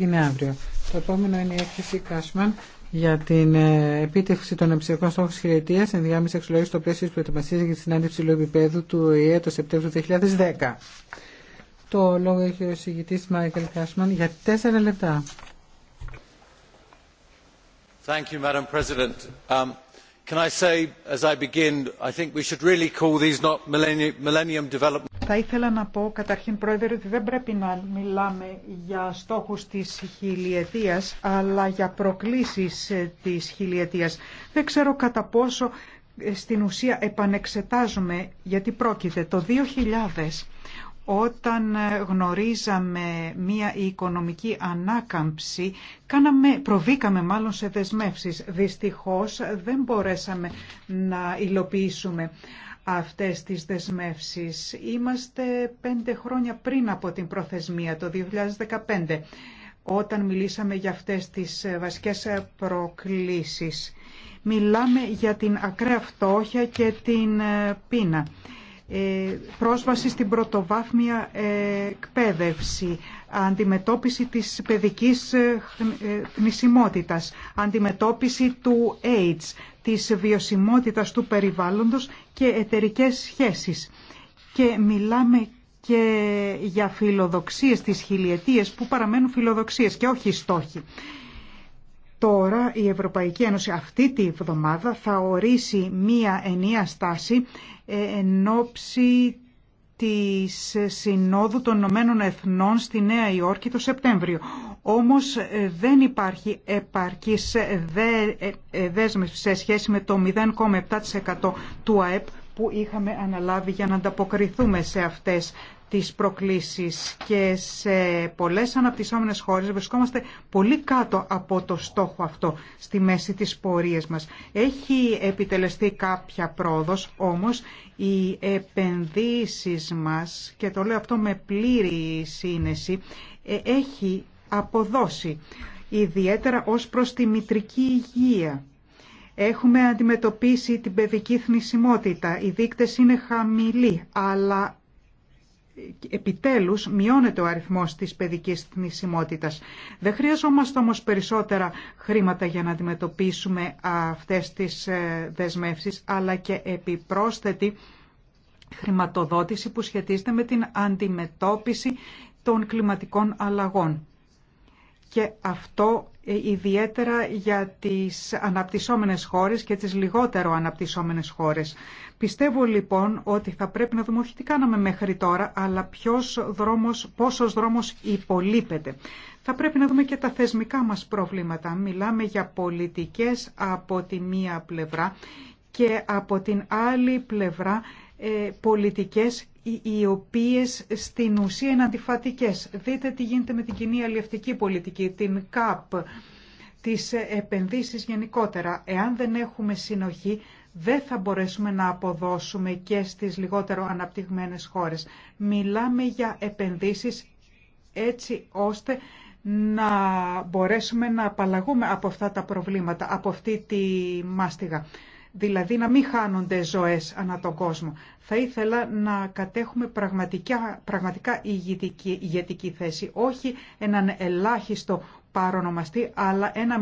γίνει αύριο. Το επόμενο είναι η έκθεση Κάσμαν για την ε, επίτευξη των εμψηφιακών στόχων τη χιλιετία ενδιάμεση αξιολόγηση στο πλαίσιο τη προετοιμασία για τη συνάντηση υψηλού επίπεδου του ΟΗΕ το Σεπτέμβριο του 2010. Το λόγο έχει ο συγητή Μάικλ Κάσμαν για τέσσερα λεπτά. Thank you, Madam President. Um, can I say, as I begin, I think we should really call these not millennium, millennium development. Θα ήθελα να πω καταρχήν πρόεδρε ότι δεν πρέπει να μιλάμε για στόχους της χιλιετίας αλλά για προκλήσεις ε, της χιλιετίας. Δεν ξέρω κατά πόσο ε, στην ουσία επανεξετάζουμε γιατί πρόκειται το 2000 όταν ε, γνωρίζαμε μία οικονομική ανάκαμψη, κάναμε, προβήκαμε μάλλον σε δεσμεύσεις. Δυστυχώς δεν μπορέσαμε να υλοποιήσουμε αυτές τις δεσμεύσεις. Είμαστε πέντε χρόνια πριν από την προθεσμία, το 2015, όταν μιλήσαμε για αυτές τις βασικές προκλήσεις. Μιλάμε για την ακραία φτώχεια και την ε, πείνα. Ε, πρόσβαση στην πρωτοβάθμια ε, εκπαίδευση, αντιμετώπιση της παιδικής θνησιμότητας, αντιμετώπιση του AIDS, της βιωσιμότητας του περιβάλλοντος και εταιρικές σχέσεις. Και μιλάμε και για φιλοδοξίες της χιλιετίες που παραμένουν φιλοδοξίες και όχι στόχοι. Τώρα η Ευρωπαϊκή Ένωση αυτή τη βδομάδα θα ορίσει μία ενία στάση ε, εν ώψη της Συνόδου των Ηνωμένων Εθνών στη Νέα Υόρκη το Σεπτέμβριο. Όμως ε, δεν υπάρχει επαρκής ε, ε, δέσμευση σε σχέση με το 0,7% του ΑΕΠ που είχαμε αναλάβει για να ανταποκριθούμε σε αυτές τις προκλήσεις και σε πολλές αναπτυσσόμενες χώρες βρισκόμαστε πολύ κάτω από το στόχο αυτό στη μέση της πορείας μας. Έχει επιτελεστεί κάποια πρόοδος, όμως οι επενδύσεις μας, και το λέω αυτό με πλήρη σύνεση, έχει αποδώσει, ιδιαίτερα ως προς τη μητρική υγεία. Έχουμε αντιμετωπίσει την παιδική θνησιμότητα. Οι δείκτες είναι χαμηλοί, αλλά επιτέλους μειώνεται ο αριθμός της παιδικής θνησιμότητας. Δεν χρειαζόμαστε όμως περισσότερα χρήματα για να αντιμετωπίσουμε αυτές τις ε, δεσμεύσεις, αλλά και επιπρόσθετη χρηματοδότηση που σχετίζεται με την αντιμετώπιση των κλιματικών αλλαγών και αυτό ε, ιδιαίτερα για τις αναπτυσσόμενες χώρες και τις λιγότερο αναπτυσσόμενες χώρες. Πιστεύω λοιπόν ότι θα πρέπει να δούμε όχι τι κάναμε μέχρι τώρα, αλλά ποιος δρόμος, πόσος δρόμος υπολείπεται. Θα πρέπει να δούμε και τα θεσμικά μας προβλήματα. Μιλάμε για πολιτικές από τη μία πλευρά και από την άλλη πλευρά ε, πολιτικές οι οποίες στην ουσία είναι αντιφατικές. Δείτε τι γίνεται με την κοινή αλληλευτική πολιτική, την ΚΑΠ, τις επενδύσεις γενικότερα. Εάν δεν έχουμε συνοχή, δεν θα μπορέσουμε να αποδώσουμε και στις λιγότερο αναπτυγμένες χώρες. Μιλάμε για επενδύσεις έτσι ώστε να μπορέσουμε να απαλλαγούμε από αυτά τα προβλήματα, από αυτή τη μάστιγα δηλαδή να μην χάνονται ζωές ανά τον κόσμο. Θα ήθελα να κατέχουμε πραγματικά, πραγματικά ηγετική, θέση, όχι έναν ελάχιστο παρονομαστή, αλλά ένα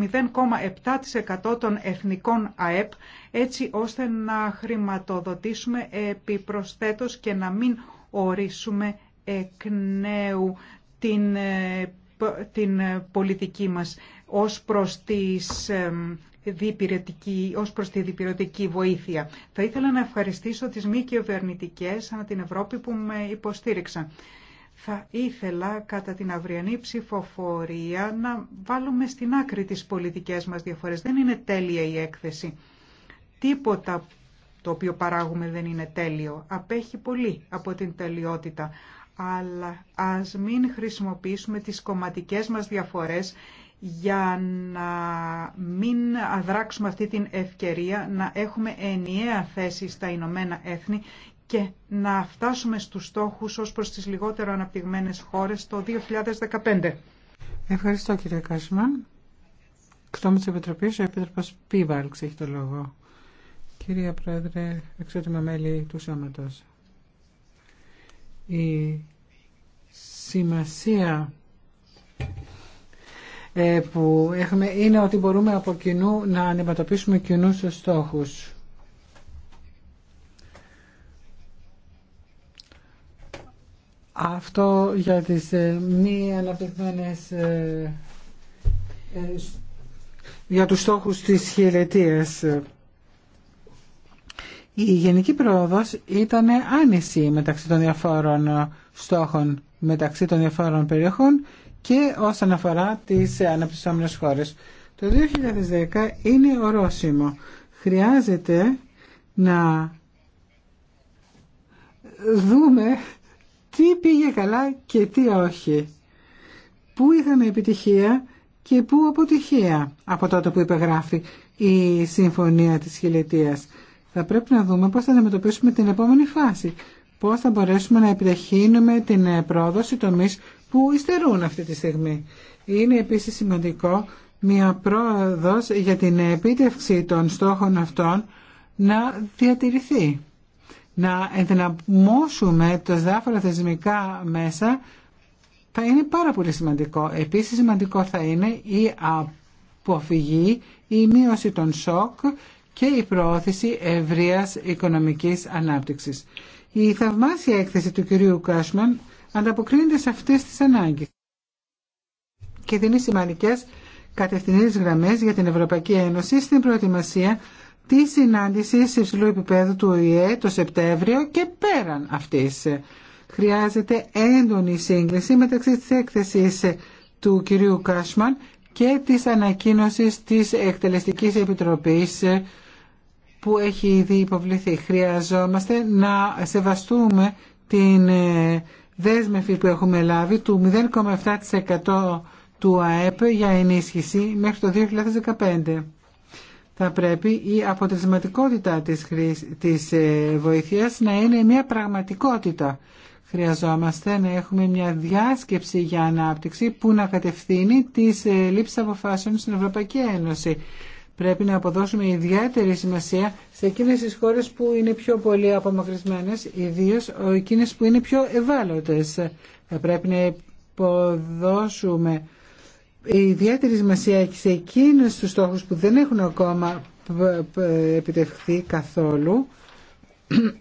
0,7% των εθνικών ΑΕΠ, έτσι ώστε να χρηματοδοτήσουμε επιπροσθέτως και να μην ορίσουμε εκ νέου την ε, την ε, πολιτική μας ως προς τις ως προς τη διπυρωτική βοήθεια. Θα ήθελα να ευχαριστήσω τις μη κυβερνητικέ ανά την Ευρώπη που με υποστήριξαν. Θα ήθελα κατά την αυριανή ψηφοφορία να βάλουμε στην άκρη τις πολιτικές μας διαφορές. Δεν είναι τέλεια η έκθεση. Τίποτα το οποίο παράγουμε δεν είναι τέλειο. Απέχει πολύ από την τελειότητα. Αλλά ας μην χρησιμοποιήσουμε τις κομματικές μας διαφορές για να μην αδράξουμε αυτή την ευκαιρία να έχουμε ενιαία θέση στα Ηνωμένα Έθνη και να φτάσουμε στους στόχους ως προς τις λιγότερο αναπτυγμένες χώρες το 2015. Ευχαριστώ κύριε Κάσμαν. Κτώμα της Επιτροπής, ο Επίτροπος Πίβαλξ έχει το λόγο. Κύριε Πρόεδρε, εξότιμα μέλη του Σώματος. Η σημασία ε, που έχουμε είναι ότι μπορούμε από κοινού να αντιμετωπίσουμε κοινού στόχου. Αυτό για τις ε, μη αναπτυγμένες ε, για τους στόχους της χειρετίας. Η γενική πρόοδος ήταν άνηση μεταξύ των διαφόρων στόχων, μεταξύ των διαφόρων περιοχών και όσον αφορά τις αναπτυσσόμενες χώρες. Το 2010 είναι ορόσημο. Χρειάζεται να δούμε τι πήγε καλά και τι όχι. Πού είχαμε επιτυχία και πού αποτυχία από τότε που υπεγράφει η Συμφωνία της Χιλετίας. Θα πρέπει να δούμε πώς θα αντιμετωπίσουμε την επόμενη φάση. Πώς θα μπορέσουμε να επιταχύνουμε την πρόοδο των που υστερούν αυτή τη στιγμή. Είναι επίσης σημαντικό μια πρόοδος για την επίτευξη των στόχων αυτών να διατηρηθεί. Να ενδυναμώσουμε τα διάφορα θεσμικά μέσα θα είναι πάρα πολύ σημαντικό. Επίσης σημαντικό θα είναι η αποφυγή, η μείωση των σοκ και η προώθηση ευρείας οικονομικής ανάπτυξης. Η θαυμάσια έκθεση του κυρίου Κάσμαν ανταποκρίνεται σε αυτές τις ανάγκες και δίνει σημαντικέ γραμμές για την Ευρωπαϊκή Ένωση στην προετοιμασία τη συνάντηση υψηλού επίπεδου του ΟΗΕ το Σεπτέμβριο και πέραν αυτής. Χρειάζεται έντονη σύγκληση μεταξύ της έκθεσης του κυρίου Κάσμαν και της ανακοίνωσης της Εκτελεστικής Επιτροπής που έχει ήδη υποβληθεί. Χρειαζόμαστε να σεβαστούμε την ε, δέσμευση που έχουμε λάβει του 0,7% του ΑΕΠ για ενίσχυση μέχρι το 2015. Θα πρέπει η αποτελεσματικότητα της, της ε, βοήθειας να είναι μια πραγματικότητα. Χρειαζόμαστε να έχουμε μια διάσκεψη για ανάπτυξη που να κατευθύνει τις ε, λήψεις αποφάσεων στην Ευρωπαϊκή Ένωση. Πρέπει να αποδώσουμε ιδιαίτερη σημασία σε εκείνες τις χώρες που είναι πιο πολύ απομακρυσμένες, ιδίως εκείνες που είναι πιο ευάλωτες. Θα πρέπει να αποδώσουμε ιδιαίτερη σημασία σε εκείνους τους στόχους που δεν έχουν ακόμα επιτευχθεί καθόλου.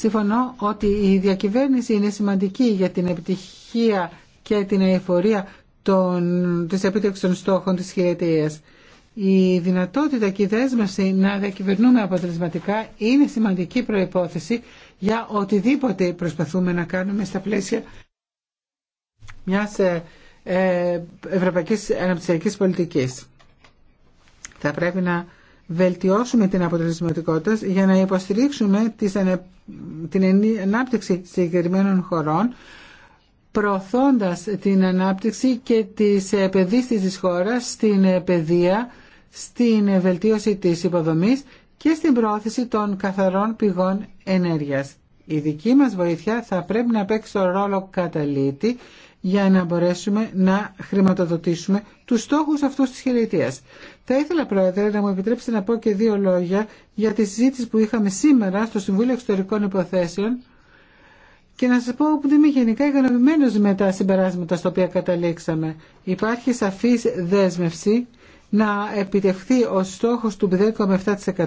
Συμφωνώ ότι η διακυβέρνηση είναι σημαντική για την επιτυχία και την εφορία των, της επίτευξης των στόχων της χιλιετίας. Η δυνατότητα και η δέσμευση να διακυβερνούμε αποτελεσματικά είναι σημαντική προϋπόθεση για οτιδήποτε προσπαθούμε να κάνουμε στα πλαίσια μιας ε, ε, ευρωπαϊκής αναπτυξιακής πολιτικής. Θα πρέπει να βελτιώσουμε την αποτελεσματικότητα για να υποστηρίξουμε την ανάπτυξη συγκεκριμένων χωρών προωθώντας την ανάπτυξη και τις επενδύσεις της χώρας στην παιδεία στην βελτίωση της υποδομής και στην προώθηση των καθαρών πηγών ενέργειας. Η δική μας βοήθεια θα πρέπει να παίξει το ρόλο καταλήτη για να μπορέσουμε να χρηματοδοτήσουμε τους στόχους αυτούς της χαιρετίας. Θα ήθελα, Πρόεδρε, να μου επιτρέψετε να πω και δύο λόγια για τη συζήτηση που είχαμε σήμερα στο Συμβούλιο Εξωτερικών Υποθέσεων και να σας πω ότι είμαι γενικά ικανοποιημένος με τα συμπεράσματα στα οποία καταλήξαμε. Υπάρχει σαφής δέσμευση να επιτευχθεί ο στόχος του 0,7%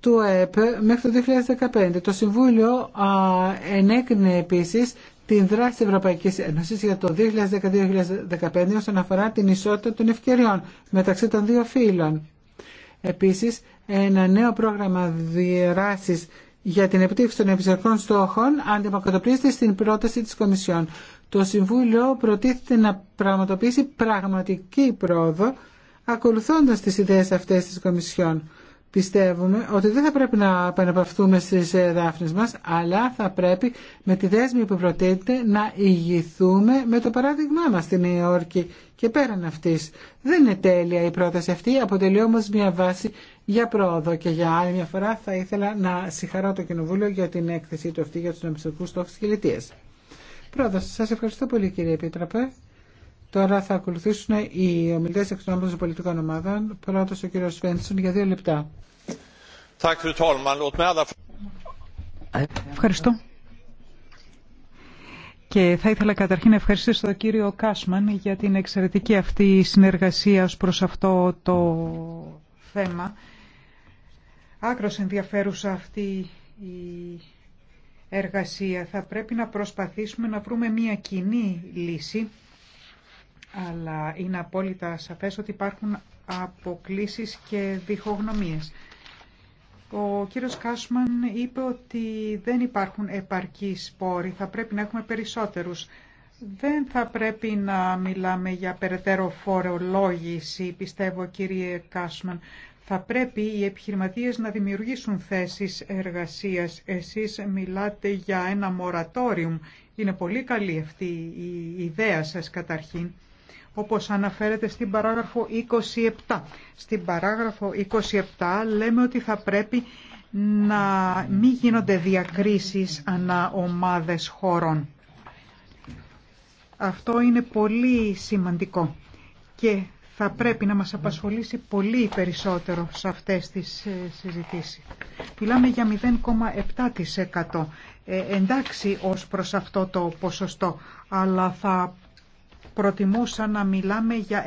του ΕΕΠ μέχρι το 2015. Το Συμβούλιο ενέκρινε επίσης την δράση της Ευρωπαϊκής Ένωσης για το 2012 2015 όσον αφορά την ισότητα των ευκαιριών μεταξύ των δύο φύλων. Επίσης, ένα νέο πρόγραμμα διεράσης για την επιτύχηση των επιζερκών στόχων αντιμακοτοπλίζεται στην πρόταση της Κομισιόν. Το Συμβούλιο προτίθεται να πραγματοποιήσει πραγματική πρόοδο ακολουθώντας τις ιδέες αυτές της Κομισιόν. Πιστεύουμε ότι δεν θα πρέπει να επαναπαυθούμε στις δάφνες μας, αλλά θα πρέπει με τη δέσμη που προτείνεται να ηγηθούμε με το παράδειγμά μας στην Νέα Υόρκη και πέραν αυτής. Δεν είναι τέλεια η πρόταση αυτή, αποτελεί όμως μια βάση για πρόοδο και για άλλη μια φορά θα ήθελα να συγχαρώ το Κοινοβούλιο για την έκθεσή του αυτή για τους νομιστικούς στόχους και λιτίες. Πρώτα σας ευχαριστώ πολύ κύριε Επίτροπε. Τώρα θα ακολουθήσουν οι ομιλητές εκ των πολιτικών ομάδων. Πρώτος ο κύριος Φέντσον για δύο λεπτά. Ευχαριστώ. Και θα ήθελα καταρχήν να ευχαριστήσω τον κύριο Κάσμαν για την εξαιρετική αυτή συνεργασία ως προς αυτό το θέμα. Άκρος ενδιαφέρουσα αυτή η εργασία. Θα πρέπει να προσπαθήσουμε να βρούμε μια κοινή λύση, αλλά είναι απόλυτα σαφές ότι υπάρχουν αποκλήσεις και διχογνωμίες. Ο κύριος Κάσμαν είπε ότι δεν υπάρχουν επαρκείς πόροι, θα πρέπει να έχουμε περισσότερους. Δεν θα πρέπει να μιλάμε για περαιτέρω φορολόγηση, πιστεύω κύριε Κάσμαν. Θα πρέπει οι επιχειρηματίες να δημιουργήσουν θέσεις εργασίας. Εσείς μιλάτε για ένα μορατόριουμ. Είναι πολύ καλή αυτή η ιδέα σας καταρχήν, όπως αναφέρεται στην παράγραφο 27. Στην παράγραφο 27 λέμε ότι θα πρέπει να μην γίνονται διακρίσεις ανά ομάδες χωρών. Αυτό είναι πολύ σημαντικό και θα πρέπει να μας απασχολήσει πολύ περισσότερο σε αυτές τις ε, συζητήσεις. Μιλάμε για 0,7%. Ε, εντάξει ως προς αυτό το ποσοστό, αλλά θα προτιμούσα να μιλάμε για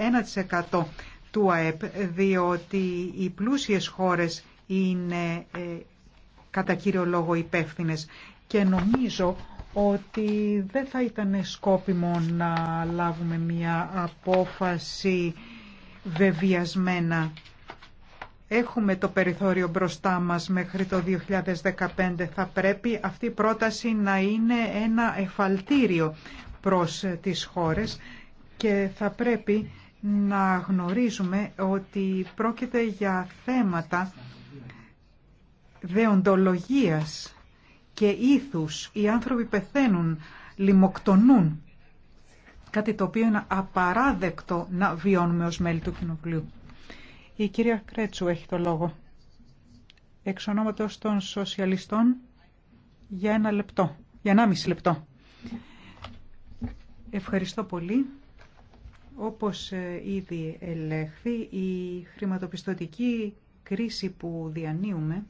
1% του ΑΕΠ, διότι οι πλούσιες χώρες είναι ε, κατά κύριο λόγο υπεύθυνε. και νομίζω ότι δεν θα ήταν σκόπιμο να λάβουμε μια απόφαση βεβιασμένα. Έχουμε το περιθώριο μπροστά μας μέχρι το 2015. Θα πρέπει αυτή η πρόταση να είναι ένα εφαλτήριο προς τις χώρες και θα πρέπει να γνωρίζουμε ότι πρόκειται για θέματα δεοντολογίας και ήθους. Οι άνθρωποι πεθαίνουν, λιμοκτονούν κάτι το οποίο είναι απαράδεκτο να βιώνουμε ως μέλη του Κοινοβουλίου. Η κυρία Κρέτσου έχει το λόγο. Εξ ονόματος των σοσιαλιστών για ένα λεπτό, για ένα μισή λεπτό. Ευχαριστώ πολύ. Όπως ε, ήδη ελέγχθη, η χρηματοπιστωτική κρίση που διανύουμε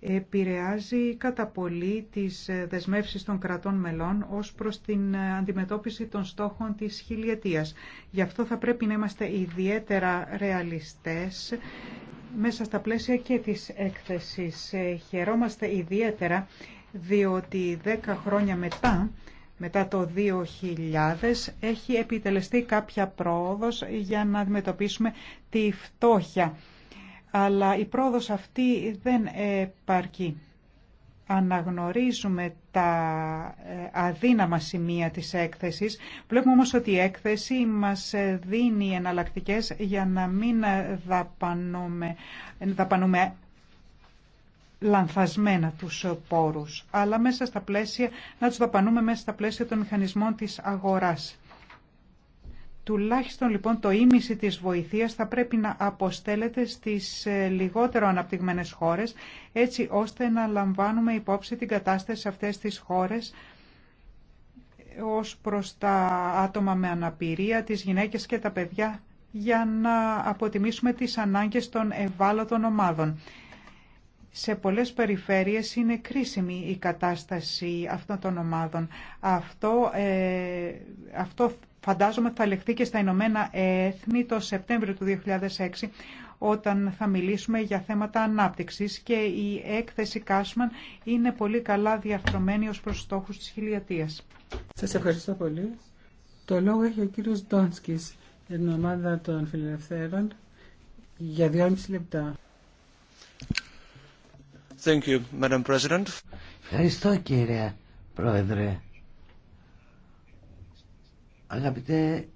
επηρεάζει κατά πολύ τις δεσμεύσεις των κρατών μελών ως προς την αντιμετώπιση των στόχων της χιλιετίας. Γι' αυτό θα πρέπει να είμαστε ιδιαίτερα ρεαλιστές μέσα στα πλαίσια και της έκθεσης. Ε, χαιρόμαστε ιδιαίτερα διότι 10 χρόνια μετά μετά το 2000 έχει επιτελεστεί κάποια πρόοδος για να αντιμετωπίσουμε τη φτώχεια αλλά η πρόοδος αυτή δεν επαρκεί. Αναγνωρίζουμε τα ε, αδύναμα σημεία της έκθεσης. Βλέπουμε όμως ότι η έκθεση μας δίνει εναλλακτικές για να μην δαπανούμε, λανθασμένα τους πόρους, αλλά μέσα στα πλαίσια, να τους δαπανούμε μέσα στα πλαίσια των μηχανισμών της αγοράς. Τουλάχιστον λοιπόν το ίμιση της βοηθείας θα πρέπει να αποστέλλεται στις ε, λιγότερο αναπτυγμένες χώρες έτσι ώστε να λαμβάνουμε υπόψη την κατάσταση αυτές τις χώρες ε, ως προς τα άτομα με αναπηρία, τις γυναίκες και τα παιδιά για να αποτιμήσουμε τις ανάγκες των ευάλωτων ομάδων. Σε πολλές περιφέρειες είναι κρίσιμη η κατάσταση αυτών των ομάδων. Αυτό, ε, αυτό φαντάζομαι θα λεχθεί και στα Ηνωμένα Έθνη το Σεπτέμβριο του 2006 όταν θα μιλήσουμε για θέματα ανάπτυξης και η έκθεση Κάσμαν είναι πολύ καλά διαρθρωμένη ως προς στόχους της χιλιατίας. Σας ευχαριστώ πολύ. Το λόγο έχει ο κύριος Ντόνσκης για την ομάδα των φιλελευθέρων για δυόμιση λεπτά. Thank you, Madam President. Ευχαριστώ κύριε Πρόεδρε. Αγαπητέ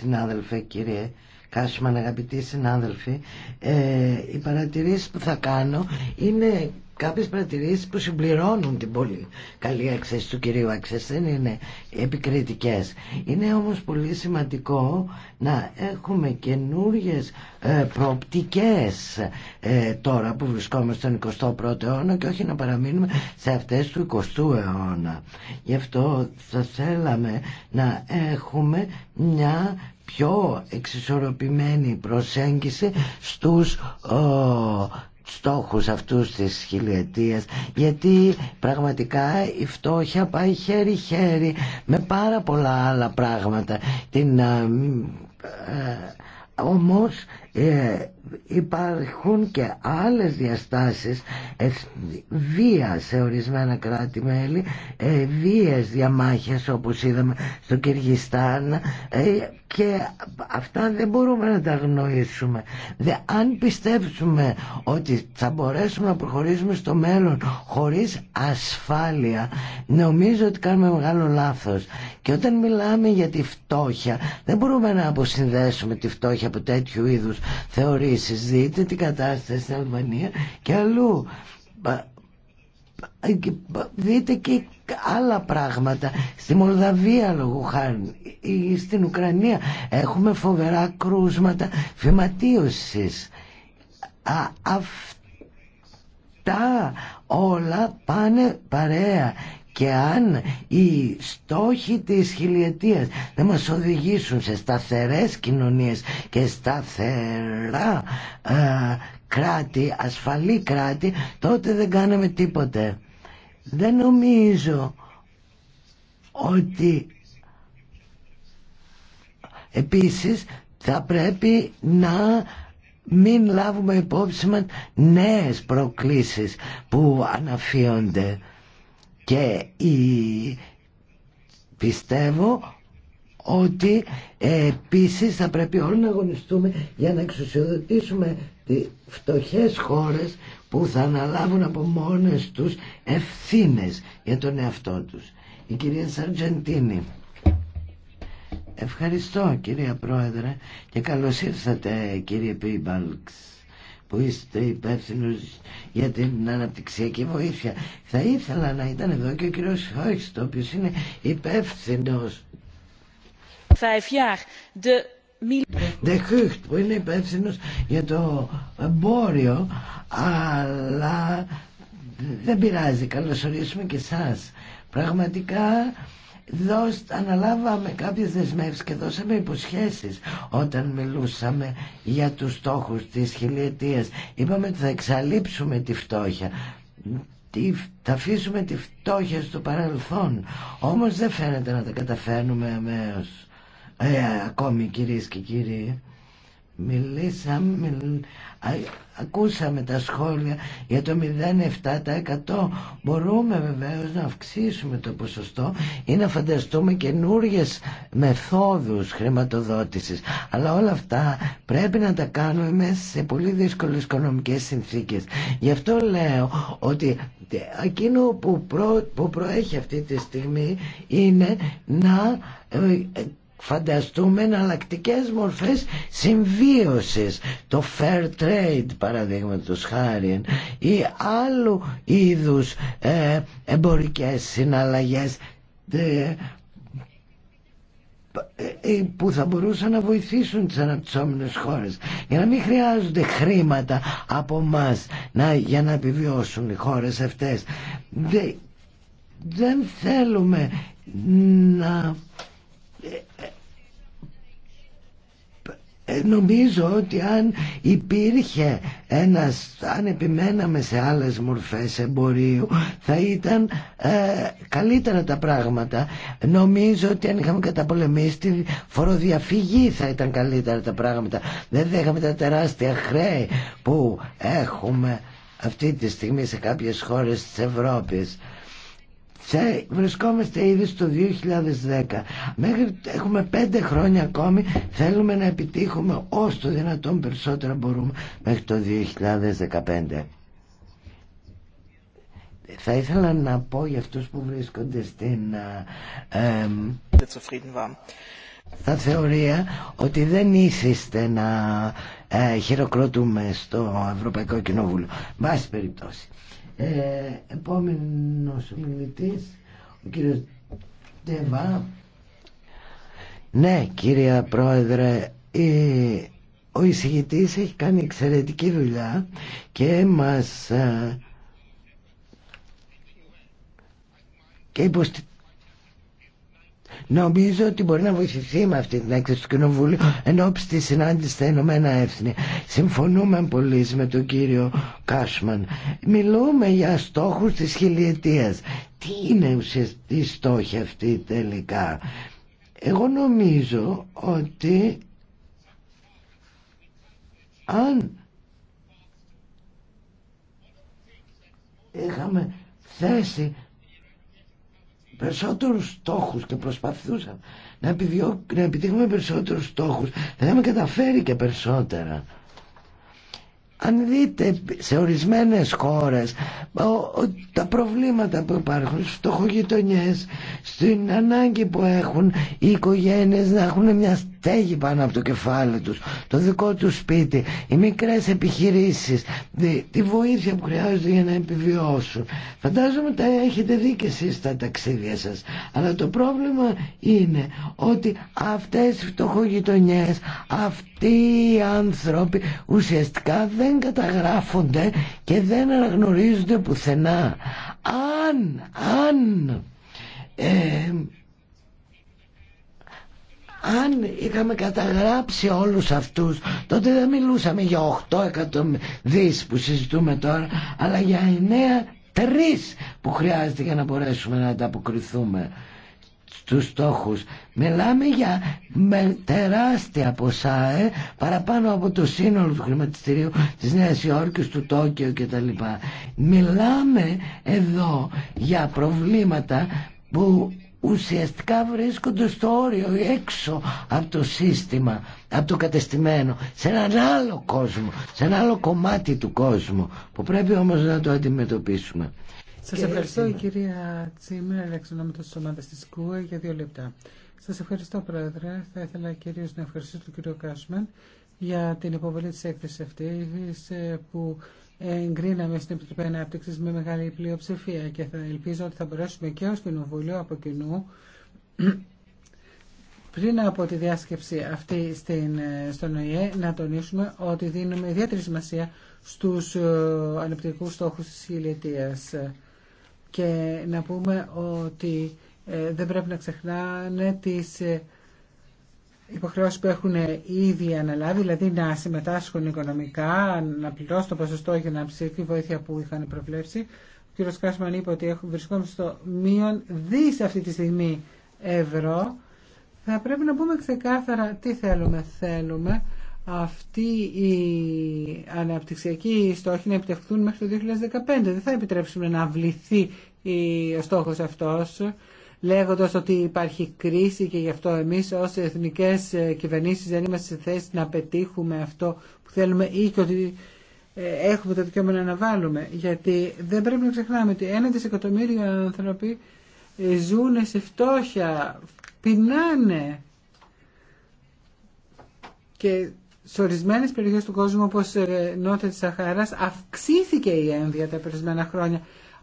συνάδελφε κύριε Κάσμαν, αγαπητοί συνάδελφοι, ε, οι παρατηρήσεις που θα κάνω είναι κάποιες παρατηρήσεις που συμπληρώνουν την πολύ καλή έξεση του κυρίου έξεση δεν είναι επικριτικές είναι όμως πολύ σημαντικό να έχουμε καινούριε προοπτικέ ε, προοπτικές ε, τώρα που βρισκόμαστε στον 21ο αιώνα και όχι να παραμείνουμε σε αυτές του 20ου αιώνα γι' αυτό θα θέλαμε να έχουμε μια πιο εξισορροπημένη προσέγγιση στους στόχους αυτούς της χιλιετίας γιατί πραγματικά η φτώχεια πάει χέρι-χέρι με πάρα πολλά άλλα πράγματα την, ε, ε, όμως ε, υπάρχουν και άλλες διαστάσεις ε, βία σε ορισμένα κράτη-μέλη, ε, βίες διαμάχες όπως είδαμε στο Κυργιστάν ε, και αυτά δεν μπορούμε να τα γνωρίσουμε. Δε, αν πιστέψουμε ότι θα μπορέσουμε να προχωρήσουμε στο μέλλον χωρίς ασφάλεια, νομίζω ότι κάνουμε μεγάλο λάθος. Και όταν μιλάμε για τη φτώχεια, δεν μπορούμε να αποσυνδέσουμε τη φτώχεια από τέτοιου είδους θεωρήσεις. Δείτε την κατάσταση στην Αλβανία και αλλού. Δείτε και άλλα πράγματα στη Μολδαβία λόγω χάρη ή στην Ουκρανία έχουμε φοβερά κρούσματα φυματίωσης Α, αυτά όλα πάνε παρέα και αν οι στόχοι της χιλιετίας δεν μας οδηγήσουν σε σταθερές κοινωνίες και σταθερά κράτη, ασφαλή κράτη, τότε δεν κάναμε τίποτε. Δεν νομίζω ότι επίσης θα πρέπει να μην λάβουμε υπόψη μας νέες προκλήσεις που αναφύονται και πιστεύω ότι ε, επίσης θα πρέπει όλοι να αγωνιστούμε για να εξουσιοδοτήσουμε φτωχές χώρες που θα αναλάβουν από μόνες τους ευθύνες για τον εαυτό τους. Η κυρία Σαρτζεντίνη. Ευχαριστώ κυρία Πρόεδρε και καλώς ήρθατε κύριε Πίμπαλξ που είστε υπεύθυνο για την αναπτυξιακή βοήθεια. Θα ήθελα να ήταν εδώ και ο κύριο Χόιτ, ο οποίο είναι υπεύθυνο. De που είναι υπεύθυνο για το εμπόριο, αλλά δεν πειράζει, καλωσορίσουμε και εσά. Πραγματικά δώσ, αναλάβαμε κάποιες δεσμεύσεις και δώσαμε υποσχέσεις όταν μιλούσαμε για τους στόχους της χιλιετίας. Είπαμε ότι θα εξαλείψουμε τη φτώχεια. Θα αφήσουμε τη φτώχεια στο παρελθόν. Όμως δεν φαίνεται να τα καταφέρνουμε αμέσως. Ε, ακόμη κυρίες και κύριοι μιλήσαμε, ακούσαμε τα σχόλια για το 0,7% μπορούμε βεβαίως να αυξήσουμε το ποσοστό ή να φανταστούμε καινούριε μεθόδους χρηματοδότησης αλλά όλα αυτά πρέπει να τα κάνουμε σε πολύ δύσκολες οικονομικές συνθήκες γι' αυτό λέω ότι εκείνο που, προ, που προέχει αυτή τη στιγμή είναι να ε, φανταστούμε εναλλακτικέ μορφές συμβίωσης το fair trade παραδείγματος χάρη ή άλλου είδους ε, εμπορικές συναλλαγές ε, ε, που θα μπορούσαν να βοηθήσουν τις αναπτυσσόμενες χώρες για να μην χρειάζονται χρήματα από μας για να επιβιώσουν οι χώρες αυτές δεν θέλουμε να ε, ε, νομίζω ότι αν υπήρχε ένας, αν επιμέναμε σε άλλες μορφές εμπορίου θα ήταν ε, καλύτερα τα πράγματα. Νομίζω ότι αν είχαμε καταπολεμήσει τη φοροδιαφυγή θα ήταν καλύτερα τα πράγματα. Δεν δέχαμε τα τεράστια χρέη που έχουμε αυτή τη στιγμή σε κάποιες χώρες της Ευρώπης. Σε, βρισκόμαστε ήδη στο 2010. Μέχρι έχουμε πέντε χρόνια ακόμη. Θέλουμε να επιτύχουμε όσο το δυνατόν περισσότερα μπορούμε μέχρι το 2015. Θα ήθελα να πω για αυτούς που βρίσκονται στην... Ε, θεωρία ότι δεν ήθιστε να ε, χειροκροτούμε στο Ευρωπαϊκό Κοινοβούλιο. Μπάση περιπτώσει. Επόμενο επόμενος μιλητής, ο κύριος Τεβά. Ναι, κύριε Πρόεδρε, η, ο εισηγητής έχει κάνει εξαιρετική δουλειά και μας... Ε, και υποστηρίζει Νομίζω ότι μπορεί να βοηθηθεί με αυτή την έκθεση του Κοινοβουλίου εν ώψη τη συνάντηση στα Ηνωμένα Έθνη. Συμφωνούμε πολύ με τον κύριο Κάσμαν. Μιλούμε για στόχους της χιλιετίας. Τι είναι ουσιαστική η στόχη αυτή τελικά. Εγώ νομίζω ότι αν είχαμε θέσει περισσότερους στόχους και προσπαθούσα να, επιδιώ... επιτύχουμε περισσότερους στόχους θα είχαμε καταφέρει και περισσότερα αν δείτε σε ορισμένες χώρες τα προβλήματα που υπάρχουν στους φτωχογειτονιές στην ανάγκη που έχουν οι οικογένειες να έχουν μια στέγη πάνω από το κεφάλι τους, το δικό τους σπίτι, οι μικρές επιχειρήσεις, τη βοήθεια που χρειάζονται για να επιβιώσουν. Φαντάζομαι τα έχετε δει και εσείς τα ταξίδια σας. Αλλά το πρόβλημα είναι ότι αυτές οι φτωχογειτονιές, αυτοί οι άνθρωποι ουσιαστικά δεν καταγράφονται και δεν αναγνωρίζονται πουθενά. Αν, αν... Ε, αν είχαμε καταγράψει όλους αυτούς τότε δεν μιλούσαμε για 8 εκατομμύρια που συζητούμε τώρα αλλά για 9 τρεις που χρειάζεται για να μπορέσουμε να ανταποκριθούμε στους στόχους. Μιλάμε για με τεράστια ποσά, ε, παραπάνω από το σύνολο του χρηματιστηρίου της Νέας Υόρκης, του Τόκιο κτλ. Μιλάμε εδώ για προβλήματα που ουσιαστικά βρίσκονται στο όριο έξω από το σύστημα, από το κατεστημένο, σε έναν άλλο κόσμο, σε ένα άλλο κομμάτι του κόσμου που πρέπει όμως να το αντιμετωπίσουμε. Σας ευχαριστώ η κυρία Τσίμερ, εξονόμητος τη ομάδα της ΚΟΕ για δύο λεπτά. Σας ευχαριστώ Πρόεδρε. Θα ήθελα κυρίως να ευχαριστήσω τον κύριο Κάσμαν για την υποβολή της έκθεσης αυτής ε, που εγκρίναμε στην Επιτροπή Ανάπτυξη με μεγάλη πλειοψηφία και θα ελπίζω ότι θα μπορέσουμε και ω Κοινοβούλιο από κοινού πριν από τη διάσκεψη αυτή στην, στον ΟΗΕ να τονίσουμε ότι δίνουμε ιδιαίτερη σημασία στους ε, ανεπτυγικούς στόχους της χιλιετίας και να πούμε ότι ε, δεν πρέπει να ξεχνάνε τις ε, υποχρεώσει που έχουν ήδη αναλάβει, δηλαδή να συμμετάσχουν οικονομικά, να πληρώσουν το ποσοστό για να τη βοήθεια που είχαν προβλέψει. Ο κ. Κάσμαν είπε ότι βρισκόμαστε στο μείον δις αυτή τη στιγμή ευρώ. Θα πρέπει να πούμε ξεκάθαρα τι θέλουμε. Θέλουμε Αυτή οι αναπτυξιακοί στόχοι να επιτευχθούν μέχρι το 2015. Δεν θα επιτρέψουμε να βληθεί ο στόχος αυτός λέγοντας ότι υπάρχει κρίση και γι' αυτό εμείς ως εθνικές ε, κυβερνήσεις δεν είμαστε σε θέση να πετύχουμε αυτό που θέλουμε ή και ότι ε, έχουμε το δικαίωμα να αναβάλουμε. Γιατί δεν πρέπει να ξεχνάμε ότι ένα δισεκατομμύριο άνθρωποι ε, ζουν σε φτώχεια, πεινάνε και σε ορισμένες περιοχές του κόσμου όπως νότια της Σαχάρας αυξήθηκε η ένδια τα περισμένα χρόνια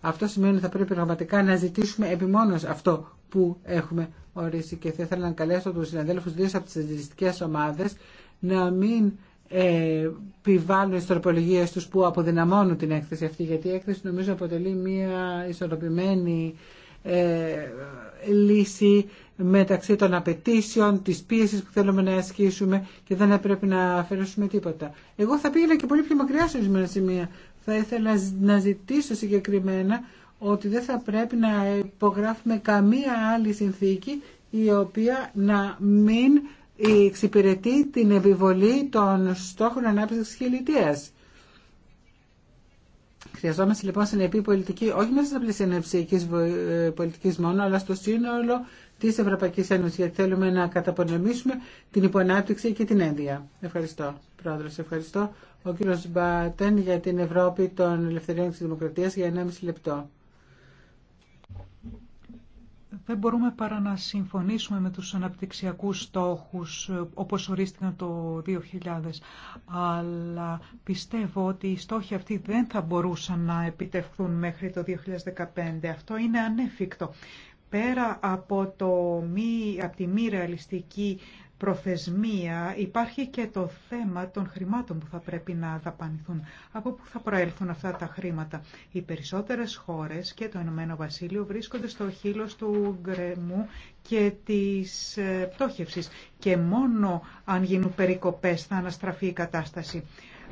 αυτό σημαίνει ότι θα πρέπει πραγματικά να ζητήσουμε επιμόνως αυτό που έχουμε ορίσει και θα ήθελα να καλέσω τους συναδέλφους δύο από τις αντιληστικές ομάδες να μην ε, επιβάλλουν τις τροπολογίες τους που αποδυναμώνουν την έκθεση αυτή γιατί η έκθεση νομίζω αποτελεί μια ισορροπημένη ε, λύση μεταξύ των απαιτήσεων, της πίεσης που θέλουμε να ασκήσουμε και δεν πρέπει να αφαιρέσουμε τίποτα. Εγώ θα πήγαινα και πολύ πιο μακριά σε ορισμένα σημεία θα ήθελα να ζητήσω συγκεκριμένα ότι δεν θα πρέπει να υπογράφουμε καμία άλλη συνθήκη η οποία να μην εξυπηρετεί την επιβολή των στόχων ανάπτυξης χιλιτίας. Χρειαζόμαστε λοιπόν συνεπή πολιτική, όχι μέσα στα πλαίσια ενεψιακής ε, πολιτικής μόνο, αλλά στο σύνολο της Ευρωπαϊκής Ένωσης, γιατί θέλουμε να καταπονεμήσουμε την υποανάπτυξη και την ένδυα. Ευχαριστώ. Ευχαριστώ. Ο κύριο Μπατέν για την Ευρώπη των Ελευθεριών και της Δημοκρατίας για 1,5 λεπτό. Δεν μπορούμε παρά να συμφωνήσουμε με τους αναπτυξιακούς στόχους ε, όπως ορίστηκαν το 2000, αλλά πιστεύω ότι οι στόχοι αυτοί δεν θα μπορούσαν να επιτευχθούν μέχρι το 2015. Αυτό είναι ανέφικτο. Πέρα από, το μη, από τη μη ρεαλιστική προθεσμία υπάρχει και το θέμα των χρημάτων που θα πρέπει να δαπανηθούν. Από πού θα προέλθουν αυτά τα χρήματα. Οι περισσότερες χώρες και το Ηνωμένο Βασίλειο βρίσκονται στο χείλος του γκρεμού και της ε, πτώχευσης και μόνο αν γίνουν περικοπές θα αναστραφεί η κατάσταση.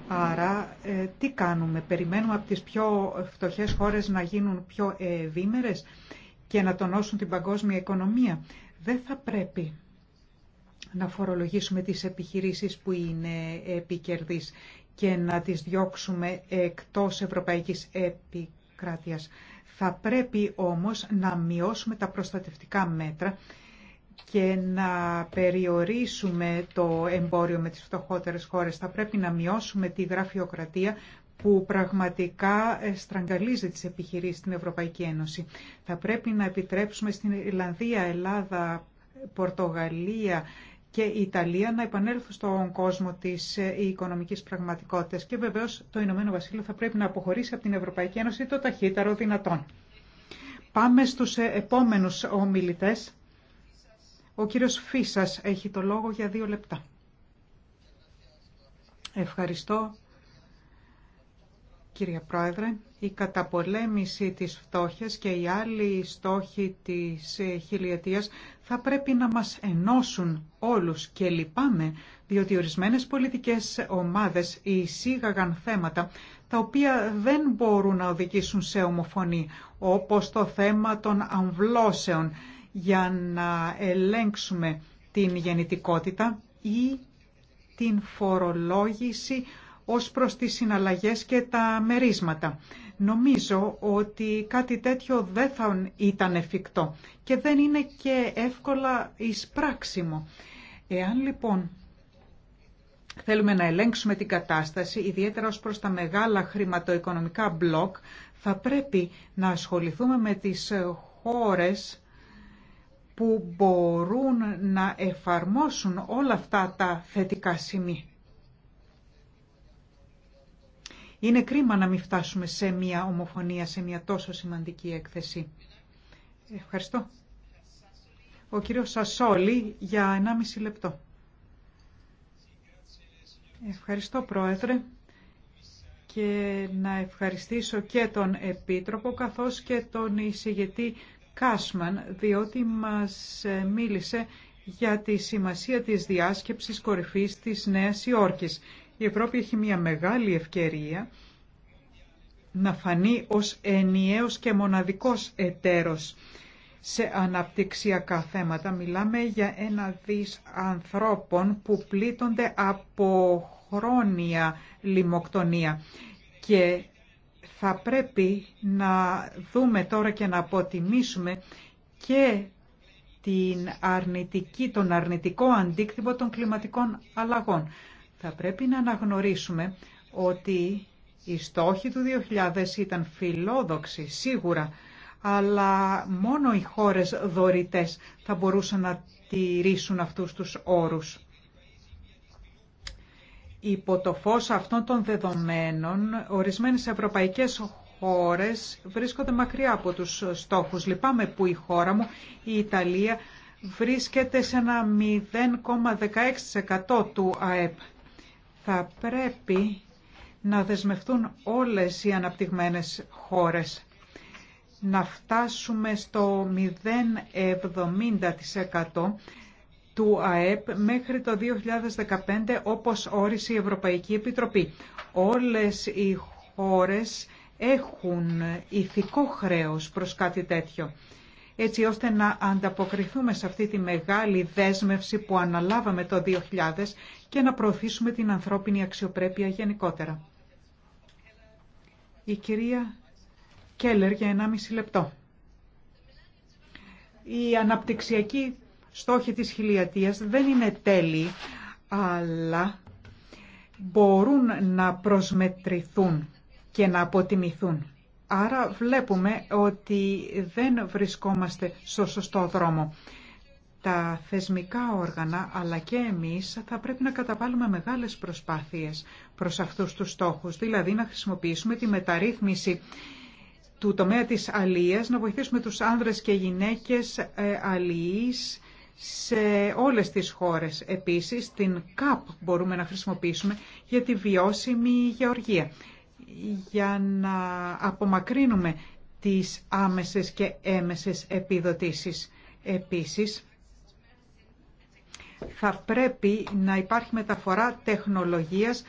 Άρα ε, τι κάνουμε, περιμένουμε από τις πιο φτωχές χώρες να γίνουν πιο ευήμερες και να τονώσουν την παγκόσμια οικονομία. Δεν θα πρέπει να φορολογήσουμε τις επιχειρήσεις που είναι επικερδείς και να τις διώξουμε εκτός ευρωπαϊκής επικράτειας. Θα πρέπει όμως να μειώσουμε τα προστατευτικά μέτρα και να περιορίσουμε το εμπόριο με τις φτωχότερες χώρες. Θα πρέπει να μειώσουμε τη γραφειοκρατία που πραγματικά στραγγαλίζει τις επιχειρήσεις στην Ευρωπαϊκή Ένωση. Θα πρέπει να επιτρέψουμε στην Ιρλανδία, Ελλάδα, Πορτογαλία, και η Ιταλία να επανέλθουν στον κόσμο της ε, οικονομική πραγματικότητα και βεβαίω το Ηνωμένο Βασίλειο θα πρέπει να αποχωρήσει από την Ευρωπαϊκή Ένωση το ταχύτερο δυνατόν. Πάμε στους ε, επόμενου ομιλητέ. Ο κύριο Φίσας έχει το λόγο για δύο λεπτά. Ευχαριστώ, Κύριε Πρόεδρε, η καταπολέμηση της φτώχειας και οι άλλοι στόχοι της ε, χιλιετίας θα πρέπει να μας ενώσουν όλους και λυπάμαι, διότι ορισμένες πολιτικές ομάδες εισήγαγαν θέματα τα οποία δεν μπορούν να οδηγήσουν σε ομοφωνή, όπως το θέμα των αμβλώσεων για να ελέγξουμε την γεννητικότητα ή την φορολόγηση ως προς τις συναλλαγές και τα μερίσματα. Νομίζω ότι κάτι τέτοιο δεν θα ήταν εφικτό και δεν είναι και εύκολα εισπράξιμο. Εάν λοιπόν θέλουμε να ελέγξουμε την κατάσταση, ιδιαίτερα ως προς τα μεγάλα χρηματοοικονομικά μπλοκ, θα πρέπει να ασχοληθούμε με τις χώρες που μπορούν να εφαρμόσουν όλα αυτά τα θετικά σημεία. Είναι κρίμα να μην φτάσουμε σε μια ομοφωνία, σε μια τόσο σημαντική έκθεση. Ευχαριστώ. Ο κύριος Σασόλη για 1,5 λεπτό. Ευχαριστώ Πρόεδρε και να ευχαριστήσω και τον Επίτροπο καθώς και τον εισηγητή Κάσμαν διότι μας μίλησε για τη σημασία της διάσκεψης κορυφής της Νέας Υόρκης η Ευρώπη έχει μια μεγάλη ευκαιρία να φανεί ως ενιαίος και μοναδικός εταίρος σε αναπτυξιακά θέματα. Μιλάμε για ένα δις ανθρώπων που πλήττονται από χρόνια λιμοκτονία και θα πρέπει να δούμε τώρα και να αποτιμήσουμε και την αρνητική, τον αρνητικό αντίκτυπο των κλιματικών αλλαγών. Θα πρέπει να αναγνωρίσουμε ότι οι στόχοι του 2000 ήταν φιλόδοξοι σίγουρα, αλλά μόνο οι χώρες δωρητές θα μπορούσαν να τηρήσουν αυτούς τους όρους. Υπό το φως αυτών των δεδομένων, ορισμένες ευρωπαϊκές χώρες βρίσκονται μακριά από τους στόχους. Λυπάμαι που η χώρα μου, η Ιταλία, βρίσκεται σε ένα 0,16% του ΑΕΠ θα πρέπει να δεσμευτούν όλες οι αναπτυγμένες χώρες. Να φτάσουμε στο 0,70% του ΑΕΠ μέχρι το 2015 όπως όρισε η Ευρωπαϊκή Επιτροπή. Όλες οι χώρες έχουν ηθικό χρέος προς κάτι τέτοιο έτσι ώστε να ανταποκριθούμε σε αυτή τη μεγάλη δέσμευση που αναλάβαμε το 2000 και να προωθήσουμε την ανθρώπινη αξιοπρέπεια γενικότερα. Η κυρία Κέλλερ για 1,5 λεπτό. Η αναπτυξιακή στόχη της χιλιατίας δεν είναι τέλειοι, αλλά μπορούν να προσμετρηθούν και να αποτιμηθούν. Άρα βλέπουμε ότι δεν βρισκόμαστε στο σωστό δρόμο. Τα θεσμικά όργανα αλλά και εμείς θα πρέπει να καταβάλουμε μεγάλες προσπάθειες προς αυτούς τους στόχους, δηλαδή να χρησιμοποιήσουμε τη μεταρρύθμιση του τομέα της αλίας, να βοηθήσουμε τους άνδρες και γυναίκες ε, αλίης σε όλες τις χώρες. Επίσης, την ΚΑΠ μπορούμε να χρησιμοποιήσουμε για τη βιώσιμη γεωργία για να απομακρύνουμε τις άμεσες και έμεσες επιδοτήσεις. Επίσης, θα πρέπει να υπάρχει μεταφορά τεχνολογίας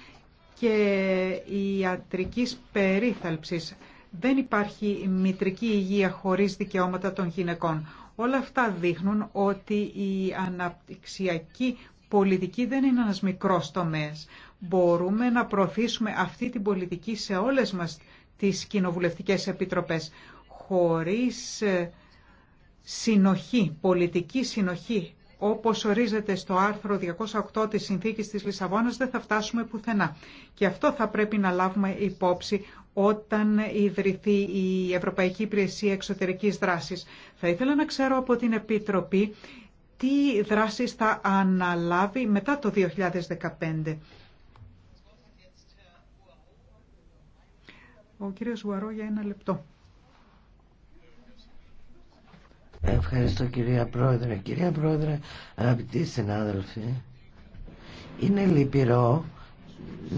και ιατρικής περίθαλψης. Δεν υπάρχει μητρική υγεία χωρίς δικαιώματα των γυναικών. Όλα αυτά δείχνουν ότι η αναπτυξιακή πολιτική δεν είναι ένας μικρός τομέας μπορούμε να προωθήσουμε αυτή την πολιτική σε όλες μας τις κοινοβουλευτικές επιτροπές χωρίς ε, συνοχή, πολιτική συνοχή όπως ορίζεται στο άρθρο 208 της Συνθήκης της Λισαβόνας δεν θα φτάσουμε πουθενά. Και αυτό θα πρέπει να λάβουμε υπόψη όταν ιδρυθεί η Ευρωπαϊκή Υπηρεσία Εξωτερικής Δράσης. Θα ήθελα να ξέρω από την Επιτροπή τι δράσεις θα αναλάβει μετά το 2015. Ο κύριος Γουαρό για ένα λεπτό. Ευχαριστώ κυρία Πρόεδρε. Κυρία Πρόεδρε, αγαπητοί συνάδελφοι, είναι λυπηρό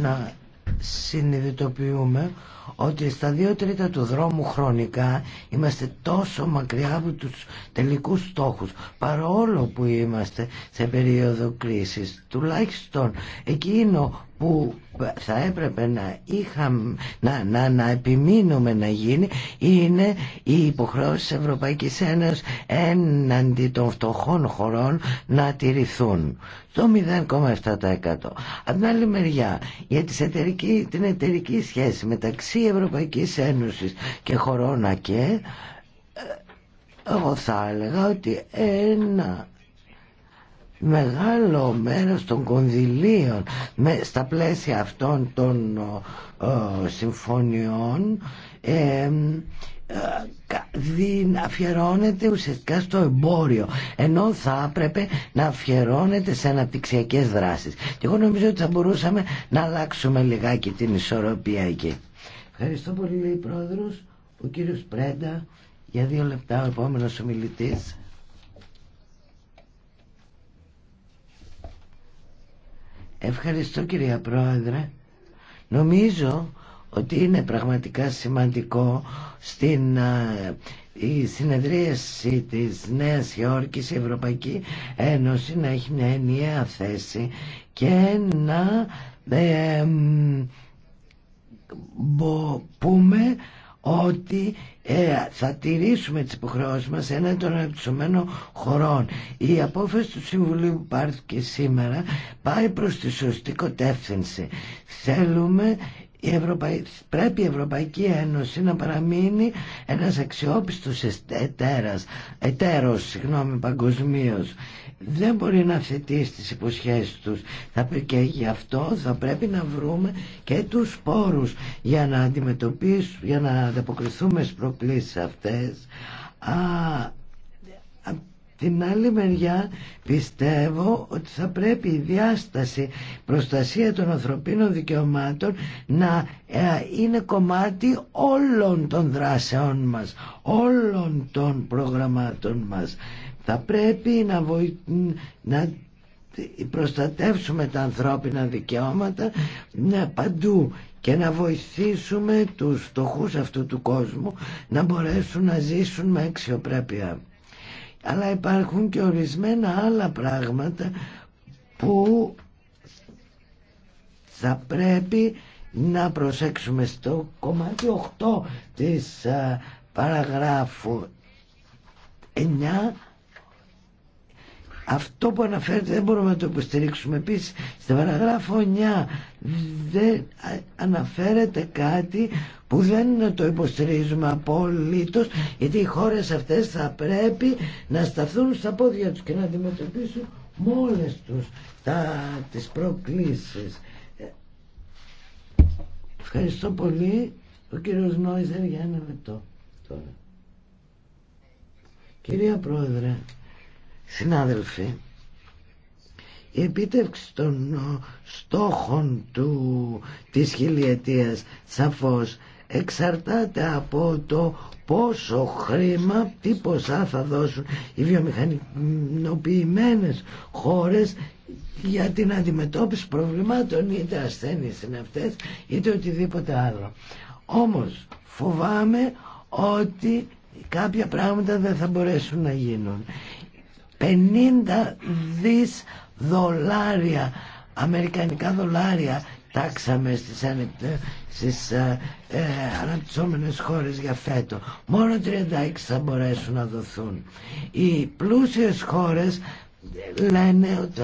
να συνειδητοποιούμε ότι στα δύο τρίτα του δρόμου χρονικά είμαστε τόσο μακριά από τους τελικούς στόχους παρόλο που είμαστε σε περίοδο κρίσης τουλάχιστον εκείνο που θα έπρεπε να, είχαμε, να, να, να επιμείνουμε να γίνει είναι η υποχρέωση της Ευρωπαϊκής Ένωσης έναντι των φτωχών χωρών να τηρηθούν το 0,7%. Από την άλλη μεριά για την εταιρική σχέση μεταξύ Ευρωπαϊκής Ένωσης και χωρών ΑΚΕ ε, εγώ θα έλεγα ότι ένα μεγάλο μέρος των κονδυλίων με, στα πλαίσια αυτών των συμφωνιών ε, αφιερώνεται ουσιαστικά στο εμπόριο ενώ θα έπρεπε να αφιερώνεται σε αναπτυξιακέ δράσεις και εγώ νομίζω ότι θα μπορούσαμε να αλλάξουμε λιγάκι την ισορροπία εκεί Ευχαριστώ πολύ Πρόεδρος ο κύριος Πρέντα για δύο λεπτά ο επόμενος ομιλητής Ευχαριστώ κυρία Πρόεδρε. Νομίζω ότι είναι πραγματικά σημαντικό στην η συνεδρίαση της Νέας Υόρκης η Ευρωπαϊκή Ένωση να έχει μια ενιαία θέση και να πούμε ότι ε, θα τηρήσουμε τις υποχρεώσεις μας έναν των αναπτυσσομένων χωρών. Η απόφαση του Συμβουλίου που πάρθηκε σήμερα πάει προς τη σωστή κατεύθυνση. Θέλουμε η Ευρωπαϊ... Πρέπει η Ευρωπαϊκή Ένωση να παραμείνει ένας αξιόπιστος εταίρας, εταίρος συγγνώμη, Δεν μπορεί να θετήσει τις υποσχέσεις τους. Θα, και γι' αυτό θα πρέπει να βρούμε και τους πόρους για να αντιμετωπίσουμε, για να ανταποκριθούμε στις προκλήσεις αυτές. Α, την άλλη μεριά πιστεύω ότι θα πρέπει η διάσταση προστασία των ανθρωπίνων δικαιωμάτων να ε, είναι κομμάτι όλων των δράσεών μας, όλων των προγραμμάτων μας. Θα πρέπει να, προστατεύσουμε τα ανθρώπινα δικαιώματα ε, παντού και να βοηθήσουμε τους φτωχούς αυτού του κόσμου να μπορέσουν να ζήσουν με αξιοπρέπεια αλλά υπάρχουν και ορισμένα άλλα πράγματα που θα πρέπει να προσέξουμε στο κομμάτι 8 της παραγράφου 9 αυτό που αναφέρεται δεν μπορούμε να το υποστηρίξουμε επίσης στην παραγράφο 9 δεν αναφέρεται κάτι που δεν το υποστηρίζουμε απολύτως γιατί οι χώρες αυτές θα πρέπει να σταθούν στα πόδια τους και να αντιμετωπίσουν μόλες τους τα, τις προκλήσεις. Ευχαριστώ πολύ. Ο κύριος Νόιζερ για ένα λεπτό τώρα. Κυρία Πρόεδρε, συνάδελφοι, η επίτευξη των ε, στόχων του, της χιλιετίας σαφώς εξαρτάται από το πόσο χρήμα, τι ποσά θα δώσουν οι βιομηχανοποιημένες χώρες για την αντιμετώπιση προβλημάτων είτε ασθένειες είναι αυτές είτε οτιδήποτε άλλο. Όμως φοβάμαι ότι κάποια πράγματα δεν θα μπορέσουν να γίνουν. 50 δις δολάρια, αμερικανικά δολάρια τάξαμε στις, στις ε, ε, αναπτυσσόμενες χώρες για φέτο. Μόνο 36 θα μπορέσουν να δοθούν. Οι πλούσιες χώρες λένε ότι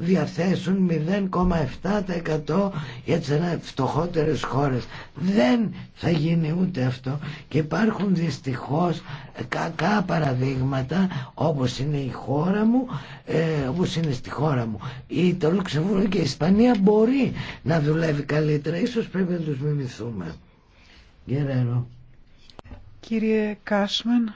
διαθέσουν 0,7% για τις φτωχότερες χώρες. Δεν θα γίνει ούτε αυτό και υπάρχουν δυστυχώς κακά παραδείγματα όπως είναι η χώρα μου, ε, όπως είναι στη χώρα μου. Η, το Λουξεμβούργο και η Ισπανία μπορεί να δουλεύει καλύτερα, ίσως πρέπει να τους μιμηθούμε. Γεραίρο. Κύριε Κάσμεν,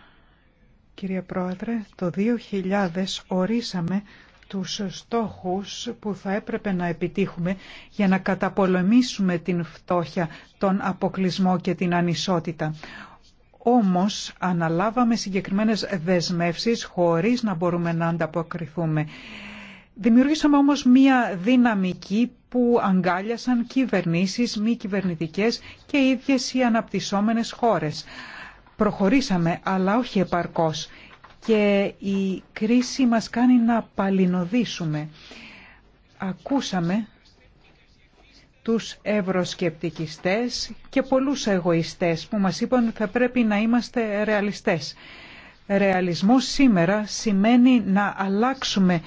κύριε Πρόεδρε, το 2000 ορίσαμε τους στόχους που θα έπρεπε να επιτύχουμε για να καταπολεμήσουμε την φτώχεια, τον αποκλεισμό και την ανισότητα. Όμως αναλάβαμε συγκεκριμένες δεσμεύσεις χωρίς να μπορούμε να ανταποκριθούμε. Δημιουργήσαμε όμως μία δυναμική που αγκάλιασαν κυβερνήσεις, μη κυβερνητικές και ίδιες οι αναπτυσσόμενες χώρες. Προχωρήσαμε, αλλά όχι επαρκώς και η κρίση μας κάνει να παλινοδίσουμε. Ακούσαμε τους ευρωσκεπτικιστές και πολλούς εγωιστές που μας είπαν ότι θα πρέπει να είμαστε ρεαλιστές. Ρεαλισμός σήμερα σημαίνει να αλλάξουμε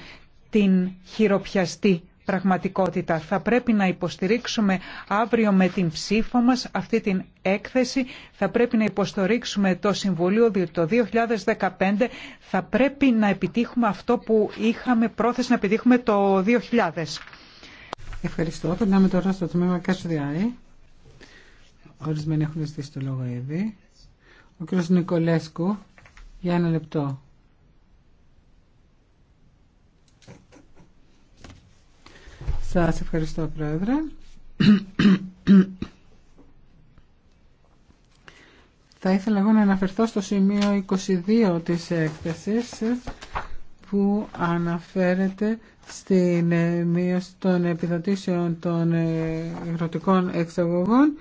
την χειροπιαστή πραγματικότητα. Θα πρέπει να υποστηρίξουμε αύριο με την ψήφο μας αυτή την έκθεση. Θα πρέπει να υποστηρίξουμε το Συμβουλίο διότι το 2015 θα πρέπει να επιτύχουμε αυτό που είχαμε πρόθεση να επιτύχουμε το 2000. Ευχαριστώ. Περνάμε τώρα στο τμήμα Κασουδιάη. Ορισμένοι έχουν ζητήσει το λόγο ήδη. Ο κ. Νικολέσκου, για ένα λεπτό. Σας ευχαριστώ Πρόεδρε. Θα ήθελα εγώ να αναφερθώ στο σημείο 22 της έκθεσης που αναφέρεται στην ε, μείωση των επιδοτήσεων των ε, αγροτικών εξαγωγών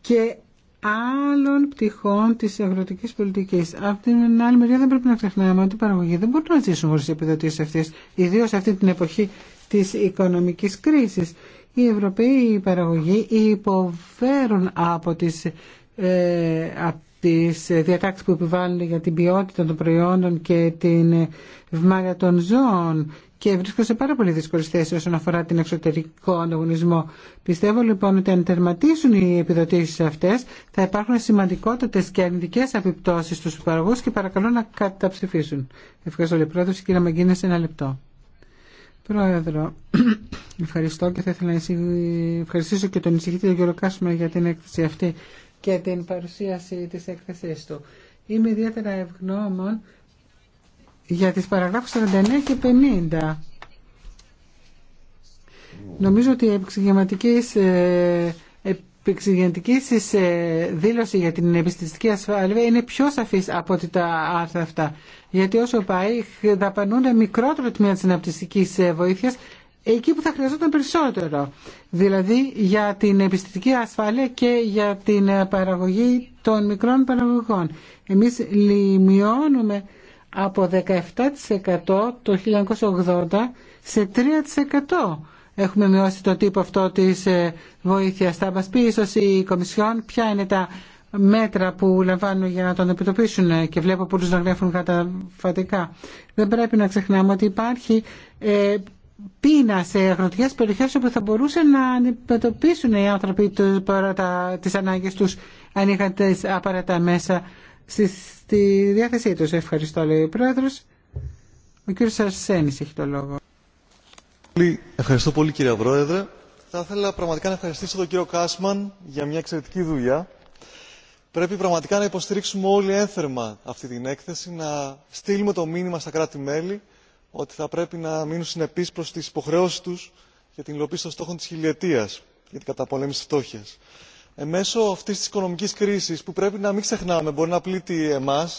και άλλων πτυχών της αγροτικής πολιτικής. Από την άλλη μεριά δεν πρέπει να ξεχνάμε ότι οι παραγωγοί δεν μπορούν να ζήσουν χωρίς επιδοτήσεις αυτές, ιδίως αυτή την εποχή της οικονομικής κρίσης. Οι Ευρωπαίοι παραγωγοί υποφέρουν από τις, ε, από τις διατάξεις που επιβάλλουν για την ποιότητα των προϊόντων και την ευμάρεια των ζώων και βρίσκονται σε πάρα πολύ δύσκολε θέσει όσον αφορά την εξωτερικό ανταγωνισμό. Πιστεύω λοιπόν ότι αν τερματίσουν οι επιδοτήσει αυτέ θα υπάρχουν σημαντικότατε και αρνητικέ επιπτώσει στου παραγωγού και παρακαλώ να καταψηφίσουν. Ευχαριστώ, Λεπρόεδρο. Κύριε Μαγκίνε, ένα λεπτό. Πρόεδρο, ευχαριστώ και θα ήθελα να ευχαριστήσω και τον εισηγητή τον Γιώργο Κάσμα για την έκθεση αυτή και την παρουσίαση της έκθεσής του. Είμαι ιδιαίτερα ευγνώμων για τις παραγράφους 49 και 50. Νομίζω ότι η η τη ε, δήλωση για την επιστημιστική ασφάλεια είναι πιο σαφή από ότι τα άρθρα αυτά. Γιατί όσο πάει, δαπανούνται μικρότερο τμήμα τη αναπτυστική ε, βοήθεια εκεί που θα χρειαζόταν περισσότερο. Δηλαδή για την επιστημιστική ασφάλεια και για την ε, παραγωγή των μικρών παραγωγών. Εμείς λιμιώνουμε από 17% το 1980 σε 3% έχουμε μειώσει τον τύπο αυτό της ε, βοήθειας. Θα μας πει ίσως η Κομισιόν ποια είναι τα μέτρα που λαμβάνουν για να τον επιτοπίσουν ε, και βλέπω πολλούς να γράφουν καταφατικά. Δεν πρέπει να ξεχνάμε ότι υπάρχει ε, πείνα σε αγροτικές περιοχές όπου θα μπορούσαν να αντιμετωπίσουν οι άνθρωποι τις ανάγκες τους αν είχαν τις απαραίτητα μέσα στη, διάθεσή τους. Ευχαριστώ λέει ο Πρόεδρος. Ο κ. Αρσένης έχει το λόγο. Ευχαριστώ πολύ κύριε Πρόεδρε. Θα ήθελα πραγματικά να ευχαριστήσω τον κύριο Κάσμαν για μια εξαιρετική δουλειά. Πρέπει πραγματικά να υποστηρίξουμε όλοι ένθερμα αυτή την έκθεση, να στείλουμε το μήνυμα στα κράτη-μέλη ότι θα πρέπει να μείνουν συνεπείς προς τις υποχρεώσεις τους για την υλοποίηση των στόχων της χιλιετίας για την καταπολέμηση της φτώχειας. Εμέσω μέσω αυτής της οικονομικής κρίσης που πρέπει να μην ξεχνάμε μπορεί να πλήττει εμά,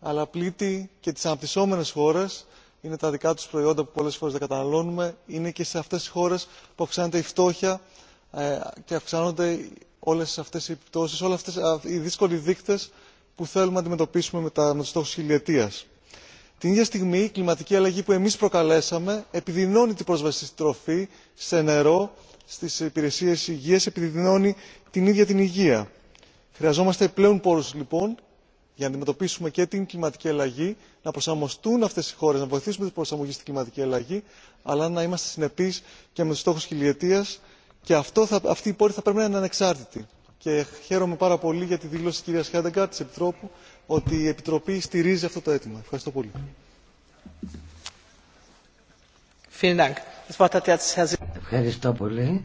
αλλά πλήττει και τις αναπτυσσόμενες χώρες είναι τα δικά τους προϊόντα που πολλές φορές δεν καταναλώνουμε είναι και σε αυτές τις χώρες που αυξάνεται η φτώχεια ε, και αυξάνονται όλες αυτές οι επιπτώσεις όλες αυτές οι δύσκολοι δείκτες που θέλουμε να αντιμετωπίσουμε με, τα, με τους στόχους χιλιετίας. Την ίδια στιγμή η κλιματική αλλαγή που εμείς προκαλέσαμε επιδεινώνει την πρόσβαση στη τροφή, σε νερό, στις υπηρεσίες υγείας, επιδεινώνει την ίδια την υγεία. Χρειαζόμαστε πλέον πόρους λοιπόν για να αντιμετωπίσουμε και την κλιματική αλλαγή να προσαρμοστούν αυτέ οι χώρε να βοηθήσουμε την προσαρμογή στην κλιματική αλλαγή αλλά να είμαστε συνεπεί και με του στόχου χιλιετία και αυτό θα, αυτή οι πόλη θα πρέπει να είναι ανεξάρτητη. Και χαίρομαι πάρα πολύ για τη δήλωση τη κυρία Χέντεγκαρτ, τη Επιτρόπου, ότι η Επιτροπή στηρίζει αυτό το αίτημα. Ευχαριστώ πολύ. Ευχαριστώ πολύ.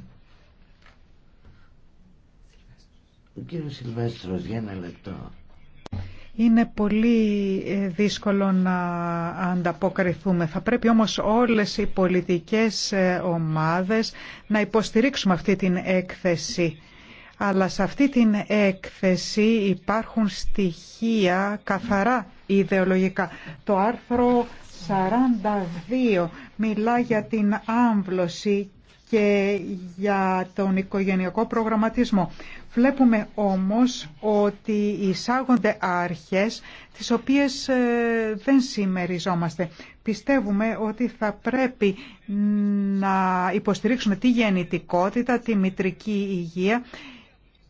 Ο κύριος Σιλβέστρος, για ένα λεπτό. Είναι πολύ ε, δύσκολο να ανταποκριθούμε. Θα πρέπει όμως όλες οι πολιτικές ε, ομάδες να υποστηρίξουμε αυτή την έκθεση. Αλλά σε αυτή την έκθεση υπάρχουν στοιχεία καθαρά ιδεολογικά. Το άρθρο 42 μιλά για την άμβλωση και για τον οικογενειακό προγραμματισμό. Βλέπουμε όμως ότι εισάγονται αρχές τις οποίες ε, δεν συμμεριζόμαστε. Πιστεύουμε ότι θα πρέπει να υποστηρίξουμε τη γεννητικότητα, τη μητρική υγεία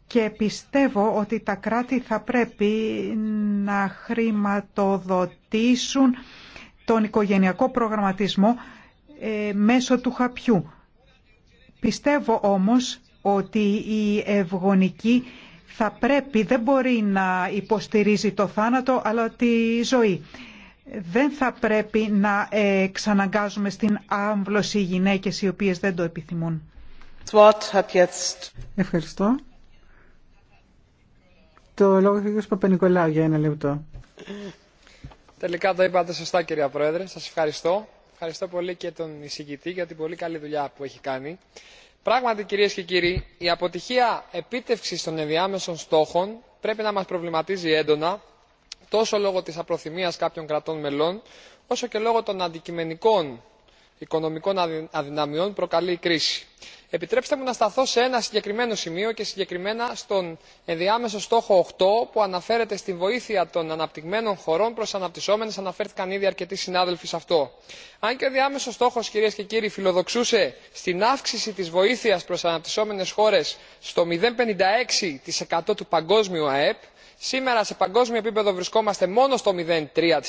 και πιστεύω ότι τα κράτη θα πρέπει να χρηματοδοτήσουν τον οικογενειακό προγραμματισμό ε, μέσω του χαπιού Πιστεύω όμως ότι η ευγονική θα πρέπει, δεν μπορεί να υποστηρίζει το θάνατο αλλά τη ζωή. Δεν θα πρέπει να ε, ξαναγκάζουμε στην άμβλωση γυναίκες οι οποίες δεν το επιθυμούν. Ευχαριστώ. Το λόγο έχει ο Παπενικολάου για ένα λεπτό. Τελικά το είπατε σωστά κυρία Πρόεδρε. Σας ευχαριστώ Ευχαριστώ πολύ και τον εισηγητή για την πολύ καλή δουλειά που έχει κάνει. Πράγματι, κυρίε και κύριοι, η αποτυχία επίτευξη των ενδιάμεσων στόχων πρέπει να μα προβληματίζει έντονα τόσο λόγω τη απροθυμία κάποιων κρατών μελών όσο και λόγω των αντικειμενικών οικονομικών αδυναμιών προκαλεί η κρίση. επιτρέψτε μου να σταθώ σε ένα συγκεκριμένο σημείο και συγκεκριμένα στον ενδιάμεσο στόχο 8 που αναφέρεται στη βοήθεια των αναπτυγμένων χωρών προ αναπτυσσόμενες. αναπτυσσόμενε αναφέρθηκαν ήδη αρκετοί συνάδελφοι σε αυτό. αν και ο ενδιάμεσο στόχο κυρίε και κύριοι φιλοδοξούσε στην αύξηση τη βοήθεια προ αναπτυσσόμενες αναπτυσσόμενε χώρε στο 0,56% του παγκόσμιου αεπ σήμερα σε παγκόσμιο επίπεδο βρισκόμαστε μόνο στο μηδέν τρία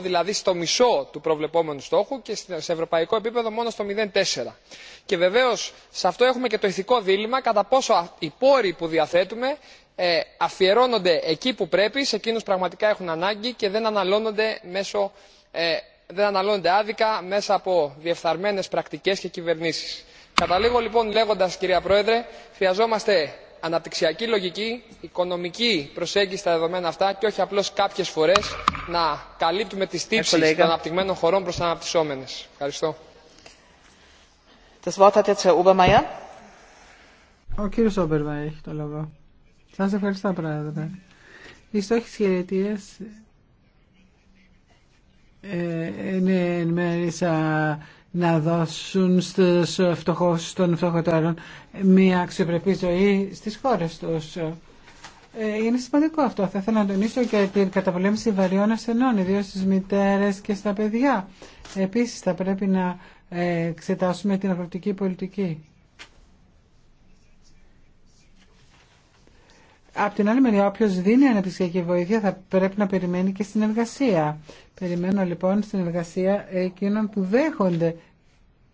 δηλαδή στο μισό του προβλεπόμενου στόχου και σε ευρωπαϊκό επίπεδο μόνο στο. μηδέν τέσσερα και βεβαίω σε αυτό έχουμε και το ηθικό δίλημα κατά πόσο οι πόροι που διαθέτουμε ε, αφιερώνονται εκεί που πρέπει σε εκείνους που πραγματικά έχουν ανάγκη και ε, δεν αναλώνονται άδικα μέσα από διεφθαρμένες πρακτικές και κυβερνήσεις. καταλήγω λοιπόν λέγοντας κυρία πρόεδρε χρειαζόμαστε αναπτυξιακή λογική οικονομική προσέγγιση στα δεδομένα αυτά και όχι απλώς κάποιες φορές να καλύπτουμε τις τύψεις των αναπτυγμένων χωρών προς τα αναπτυσσόμενες. Ευχαριστώ. Ο κύριος Όμπερμα έχει το λόγο. Σας ευχαριστώ πρόεδρε. Οι στόχοι της χαιρετίας ε, είναι εν μέρη να δώσουν στους φτωχούς των φτωχοτέρων μια αξιοπρεπή ζωή στις χώρες τους. Ε, είναι σημαντικό αυτό. Θα ήθελα να τονίσω και την καταπολέμηση βαριών ασθενών, ιδίως στις μητέρες και στα παιδιά. Επίσης θα πρέπει να ε, εξετάσουμε την αγροτική πολιτική. Απ' την άλλη μεριά, όποιο δίνει αναπτυξιακή βοήθεια θα πρέπει να περιμένει και στην εργασία. Περιμένω λοιπόν στην εργασία εκείνων που δέχονται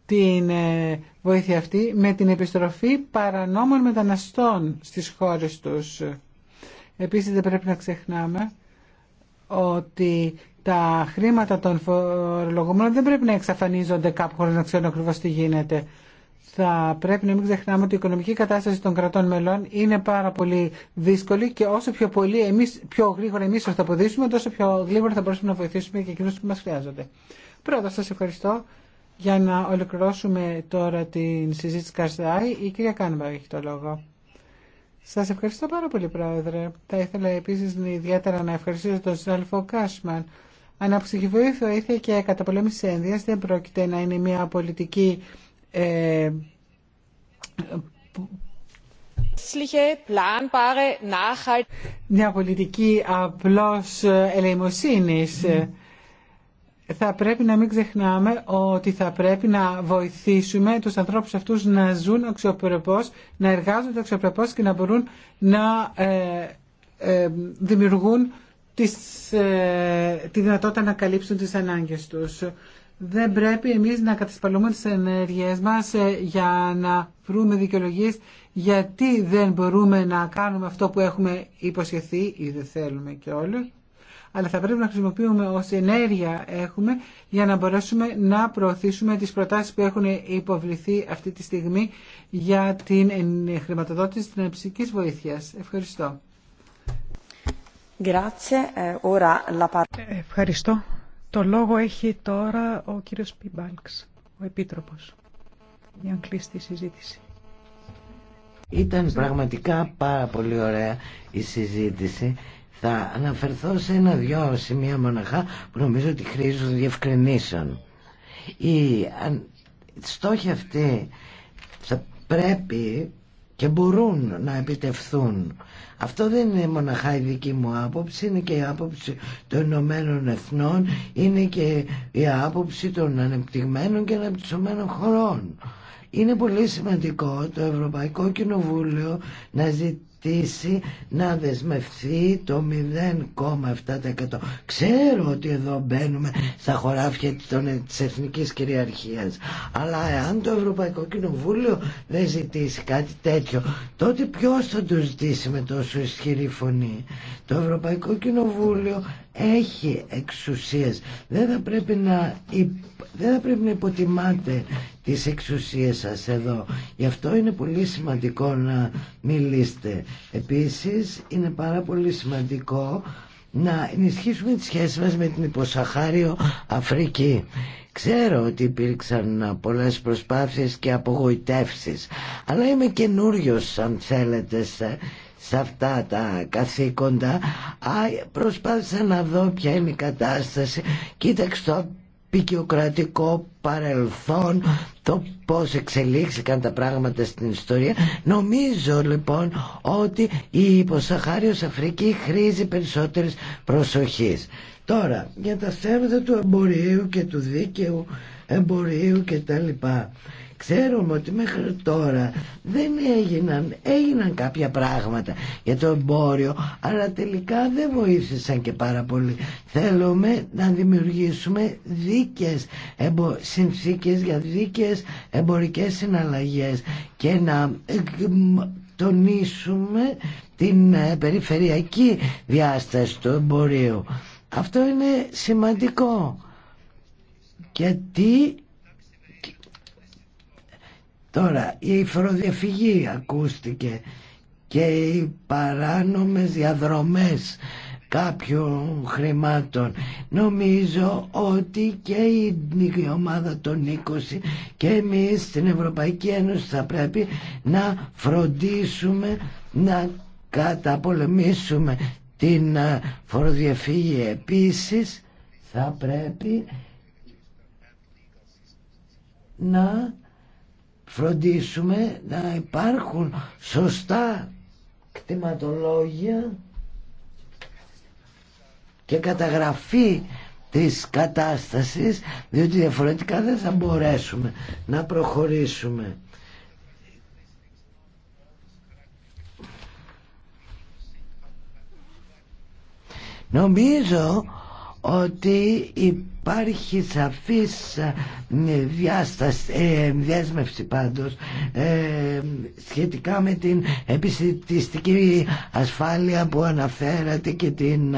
την ε, βοήθεια αυτή με την επιστροφή παρανόμων μεταναστών στις χώρες τους. Επίσης δεν πρέπει να ξεχνάμε ότι τα χρήματα των φορολογούμενων δεν πρέπει να εξαφανίζονται κάπου χωρίς να ξέρουν ακριβώ τι γίνεται θα πρέπει να μην ξεχνάμε ότι η οικονομική κατάσταση των κρατών μελών είναι πάρα πολύ δύσκολη και όσο πιο, πολύ εμείς, πιο γρήγορα εμείς θα αποδείξουμε, τόσο πιο γρήγορα θα μπορούσαμε να βοηθήσουμε και εκείνους που μας χρειάζονται. Πρώτα σας ευχαριστώ. Για να ολοκληρώσουμε τώρα την συζήτηση Καρσδάη. η κυρία Κάνεμπα έχει το λόγο. Σα ευχαριστώ πάρα πολύ, Πρόεδρε. Θα ήθελα επίση ιδιαίτερα να ευχαριστήσω τον συνάδελφο Κάσμαν. Αναψυχή βοήθεια και καταπολέμηση ένδυα δεν πρόκειται να είναι μια πολιτική ε, μια πολιτική απλώς ελεημοσύνης. Θα πρέπει να μην ξεχνάμε ότι θα πρέπει να βοηθήσουμε τους ανθρώπους αυτούς να ζουν αξιοπρεπώς, να εργάζονται αξιοπρεπώς και να μπορούν να ε, ε δημιουργούν τις, ε, τη δυνατότητα να καλύψουν τις ανάγκες τους δεν πρέπει εμείς να κατασπαλούμε τις ενέργειές μας ε, για να βρούμε δικαιολογίες γιατί δεν μπορούμε να κάνουμε αυτό που έχουμε υποσχεθεί ή δεν θέλουμε και όλοι. Αλλά θα πρέπει να χρησιμοποιούμε όση ενέργεια έχουμε για να μπορέσουμε να προωθήσουμε τις προτάσεις που έχουν υποβληθεί αυτή τη στιγμή για την χρηματοδότηση της ψυχικής βοήθειας. Ευχαριστώ. Ε, Ευχαριστώ. Το λόγο έχει τώρα ο κύριος Πιμπάλξ, ο Επίτροπος, για να κλείσει τη συζήτηση. Ήταν πραγματικά πάρα πολύ ωραία η συζήτηση. Θα αναφερθώ σε ένα-δυο σημεία μοναχά που νομίζω ότι χρήζουν διευκρινήσεων. Η στόχη αυτή θα πρέπει και μπορούν να επιτευθούν. Αυτό δεν είναι μοναχά η δική μου άποψη, είναι και η άποψη των Ηνωμένων Εθνών, είναι και η άποψη των ανεπτυγμένων και αναπτυσσομένων χωρών. Είναι πολύ σημαντικό το Ευρωπαϊκό Κοινοβούλιο να, ζητήσει ζητήσει να δεσμευθεί το 0,7%. Ξέρω ότι εδώ μπαίνουμε στα χωράφια της εθνικής κυριαρχίας. Αλλά εάν το Ευρωπαϊκό Κοινοβούλιο δεν ζητήσει κάτι τέτοιο, τότε ποιος θα το ζητήσει με τόσο ισχυρή φωνή. Το Ευρωπαϊκό Κοινοβούλιο έχει εξουσίες δεν θα πρέπει να, δεν θα πρέπει να υποτιμάτε τις εξουσίες σας εδώ γι' αυτό είναι πολύ σημαντικό να μιλήσετε επίσης είναι πάρα πολύ σημαντικό να ενισχύσουμε τις σχέσεις μας με την υποσαχάριο Αφρική Ξέρω ότι υπήρξαν πολλές προσπάθειες και απογοητεύσεις, αλλά είμαι καινούριο αν θέλετε, σε αυτά τα καθήκοντα προσπάθησα να δω ποια είναι η κατάσταση κοίταξε το πικιοκρατικό παρελθόν το πώς εξελίχθηκαν τα πράγματα στην ιστορία νομίζω λοιπόν ότι η υποσαχάριος Αφρική χρήζει περισσότερης προσοχής τώρα για τα θέματα του εμπορίου και του δίκαιου εμπορίου και τα λοιπά Ξέρουμε ότι μέχρι τώρα δεν έγιναν, έγιναν κάποια πράγματα για το εμπόριο, αλλά τελικά δεν βοήθησαν και πάρα πολύ. Θέλουμε να δημιουργήσουμε δίκες συνθήκες για δίκες εμπορικές συναλλαγές και να τονίσουμε την ε, περιφερειακή διάσταση του εμπορίου. Αυτό είναι σημαντικό γιατί Τώρα, η φοροδιαφυγή ακούστηκε και οι παράνομες διαδρομές κάποιων χρημάτων. Νομίζω ότι και η ομάδα των 20 και εμείς στην Ευρωπαϊκή Ένωση θα πρέπει να φροντίσουμε να καταπολεμήσουμε την ε, φοροδιαφύγη επίσης θα πρέπει να φροντίσουμε να υπάρχουν σωστά κτηματολόγια και καταγραφή της κατάστασης διότι διαφορετικά δεν θα μπορέσουμε να προχωρήσουμε Νομίζω ότι η υπάρχει σαφής ε, διάσταση, ε, διάσμευση πάντως ε, σχετικά με την επιστημιστική ασφάλεια που αναφέρατε και την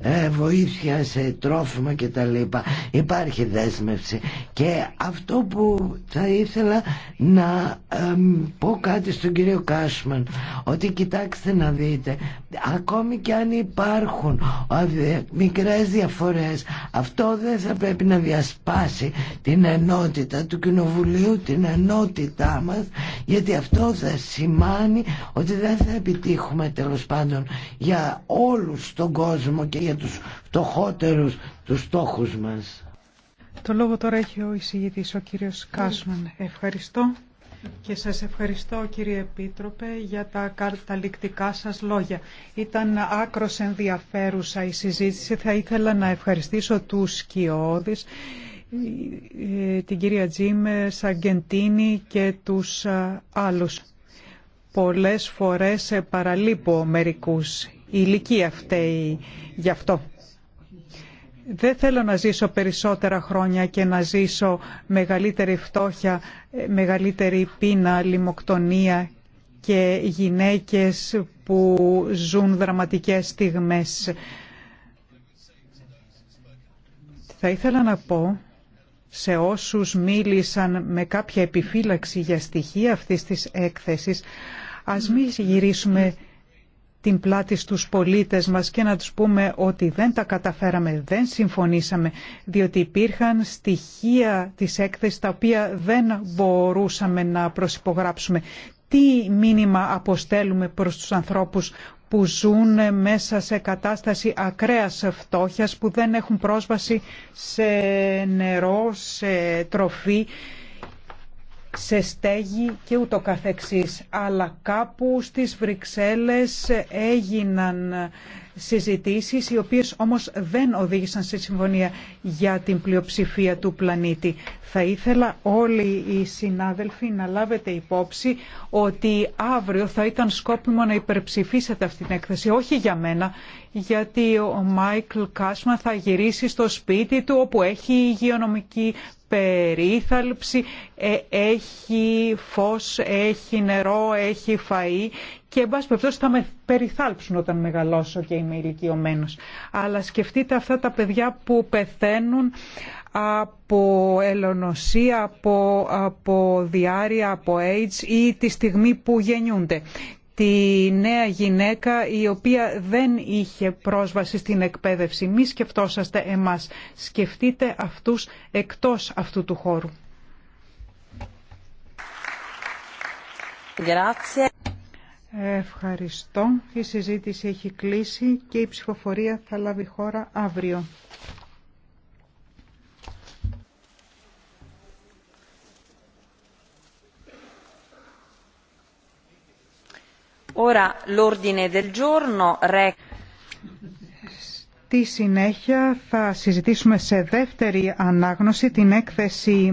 ε, βοήθεια σε τρόφιμα και τα λοιπά. Υπάρχει δέσμευση και αυτό που θα ήθελα να πω κάτι στον κύριο Κάσμαν ότι κοιτάξτε να δείτε ακόμη και αν υπάρχουν μικρές διαφορές αυτό δεν θα πρέπει να διασπάσει την ενότητα του Κοινοβουλίου, την ενότητά μας γιατί αυτό θα σημάνει ότι δεν θα επιτύχουμε τέλος πάντων για όλους τον κόσμο και για τους φτωχότερους τους στόχους μας. Το λόγο τώρα έχει ο εισηγητής ο κύριος Κάσμαν. Ευχαριστώ. Και σας ευχαριστώ κύριε Επίτροπε για τα καταληκτικά σας λόγια. Ήταν άκρος ενδιαφέρουσα η συζήτηση. Θα ήθελα να ευχαριστήσω τους Σκιώδης, ε, την κυρία Τζίμε, Σαγκεντίνη και τους ε, άλλους. Πολλές φορές παραλείπω μερικούς. Η ηλικία φταίει γι' αυτό. Δεν θέλω να ζήσω περισσότερα χρόνια και να ζήσω μεγαλύτερη φτώχεια, μεγαλύτερη πείνα, λιμοκτονία και γυναίκες που ζουν δραματικές στιγμές. Θα ήθελα να πω σε όσους μίλησαν με κάποια επιφύλαξη για στοιχεία αυτής της έκθεσης, ας μην γυρίσουμε την πλάτη στους πολίτες μας και να τους πούμε ότι δεν τα καταφέραμε, δεν συμφωνήσαμε, διότι υπήρχαν στοιχεία της έκθεσης τα οποία δεν μπορούσαμε να προσυπογράψουμε. Τι μήνυμα αποστέλουμε προς τους ανθρώπους που ζουν μέσα σε κατάσταση ακραίας φτώχειας, που δεν έχουν πρόσβαση σε νερό, σε τροφή, σε στέγη και ούτω καθεξής. Αλλά κάπου στις Βρυξέλλες έγιναν συζητήσεις οι οποίες όμως δεν οδήγησαν σε συμφωνία για την πλειοψηφία του πλανήτη. Θα ήθελα όλοι οι συνάδελφοι να λάβετε υπόψη ότι αύριο θα ήταν σκόπιμο να υπερψηφίσετε αυτή την έκθεση. Όχι για μένα, γιατί ο Μάικλ Κάσμα θα γυρίσει στο σπίτι του όπου έχει υγειονομική περίθαλψη, ε, έχει φως, έχει νερό, έχει φαΐ και εν πάση θα με περιθάλψουν όταν μεγαλώσω και είμαι ηλικιωμένο. Αλλά σκεφτείτε αυτά τα παιδιά που πεθαίνουν από ελονοσία, από, από διάρρεια, από AIDS ή τη στιγμή που γεννιούνται τη νέα γυναίκα η οποία δεν είχε πρόσβαση στην εκπαίδευση. Μη σκεφτόσαστε εμάς, σκεφτείτε αυτούς εκτός αυτού του χώρου. Ευχαριστώ. Η συζήτηση έχει κλείσει και η ψηφοφορία θα λάβει χώρα αύριο. Στη συνέχεια θα συζητήσουμε σε δεύτερη ανάγνωση την έκθεση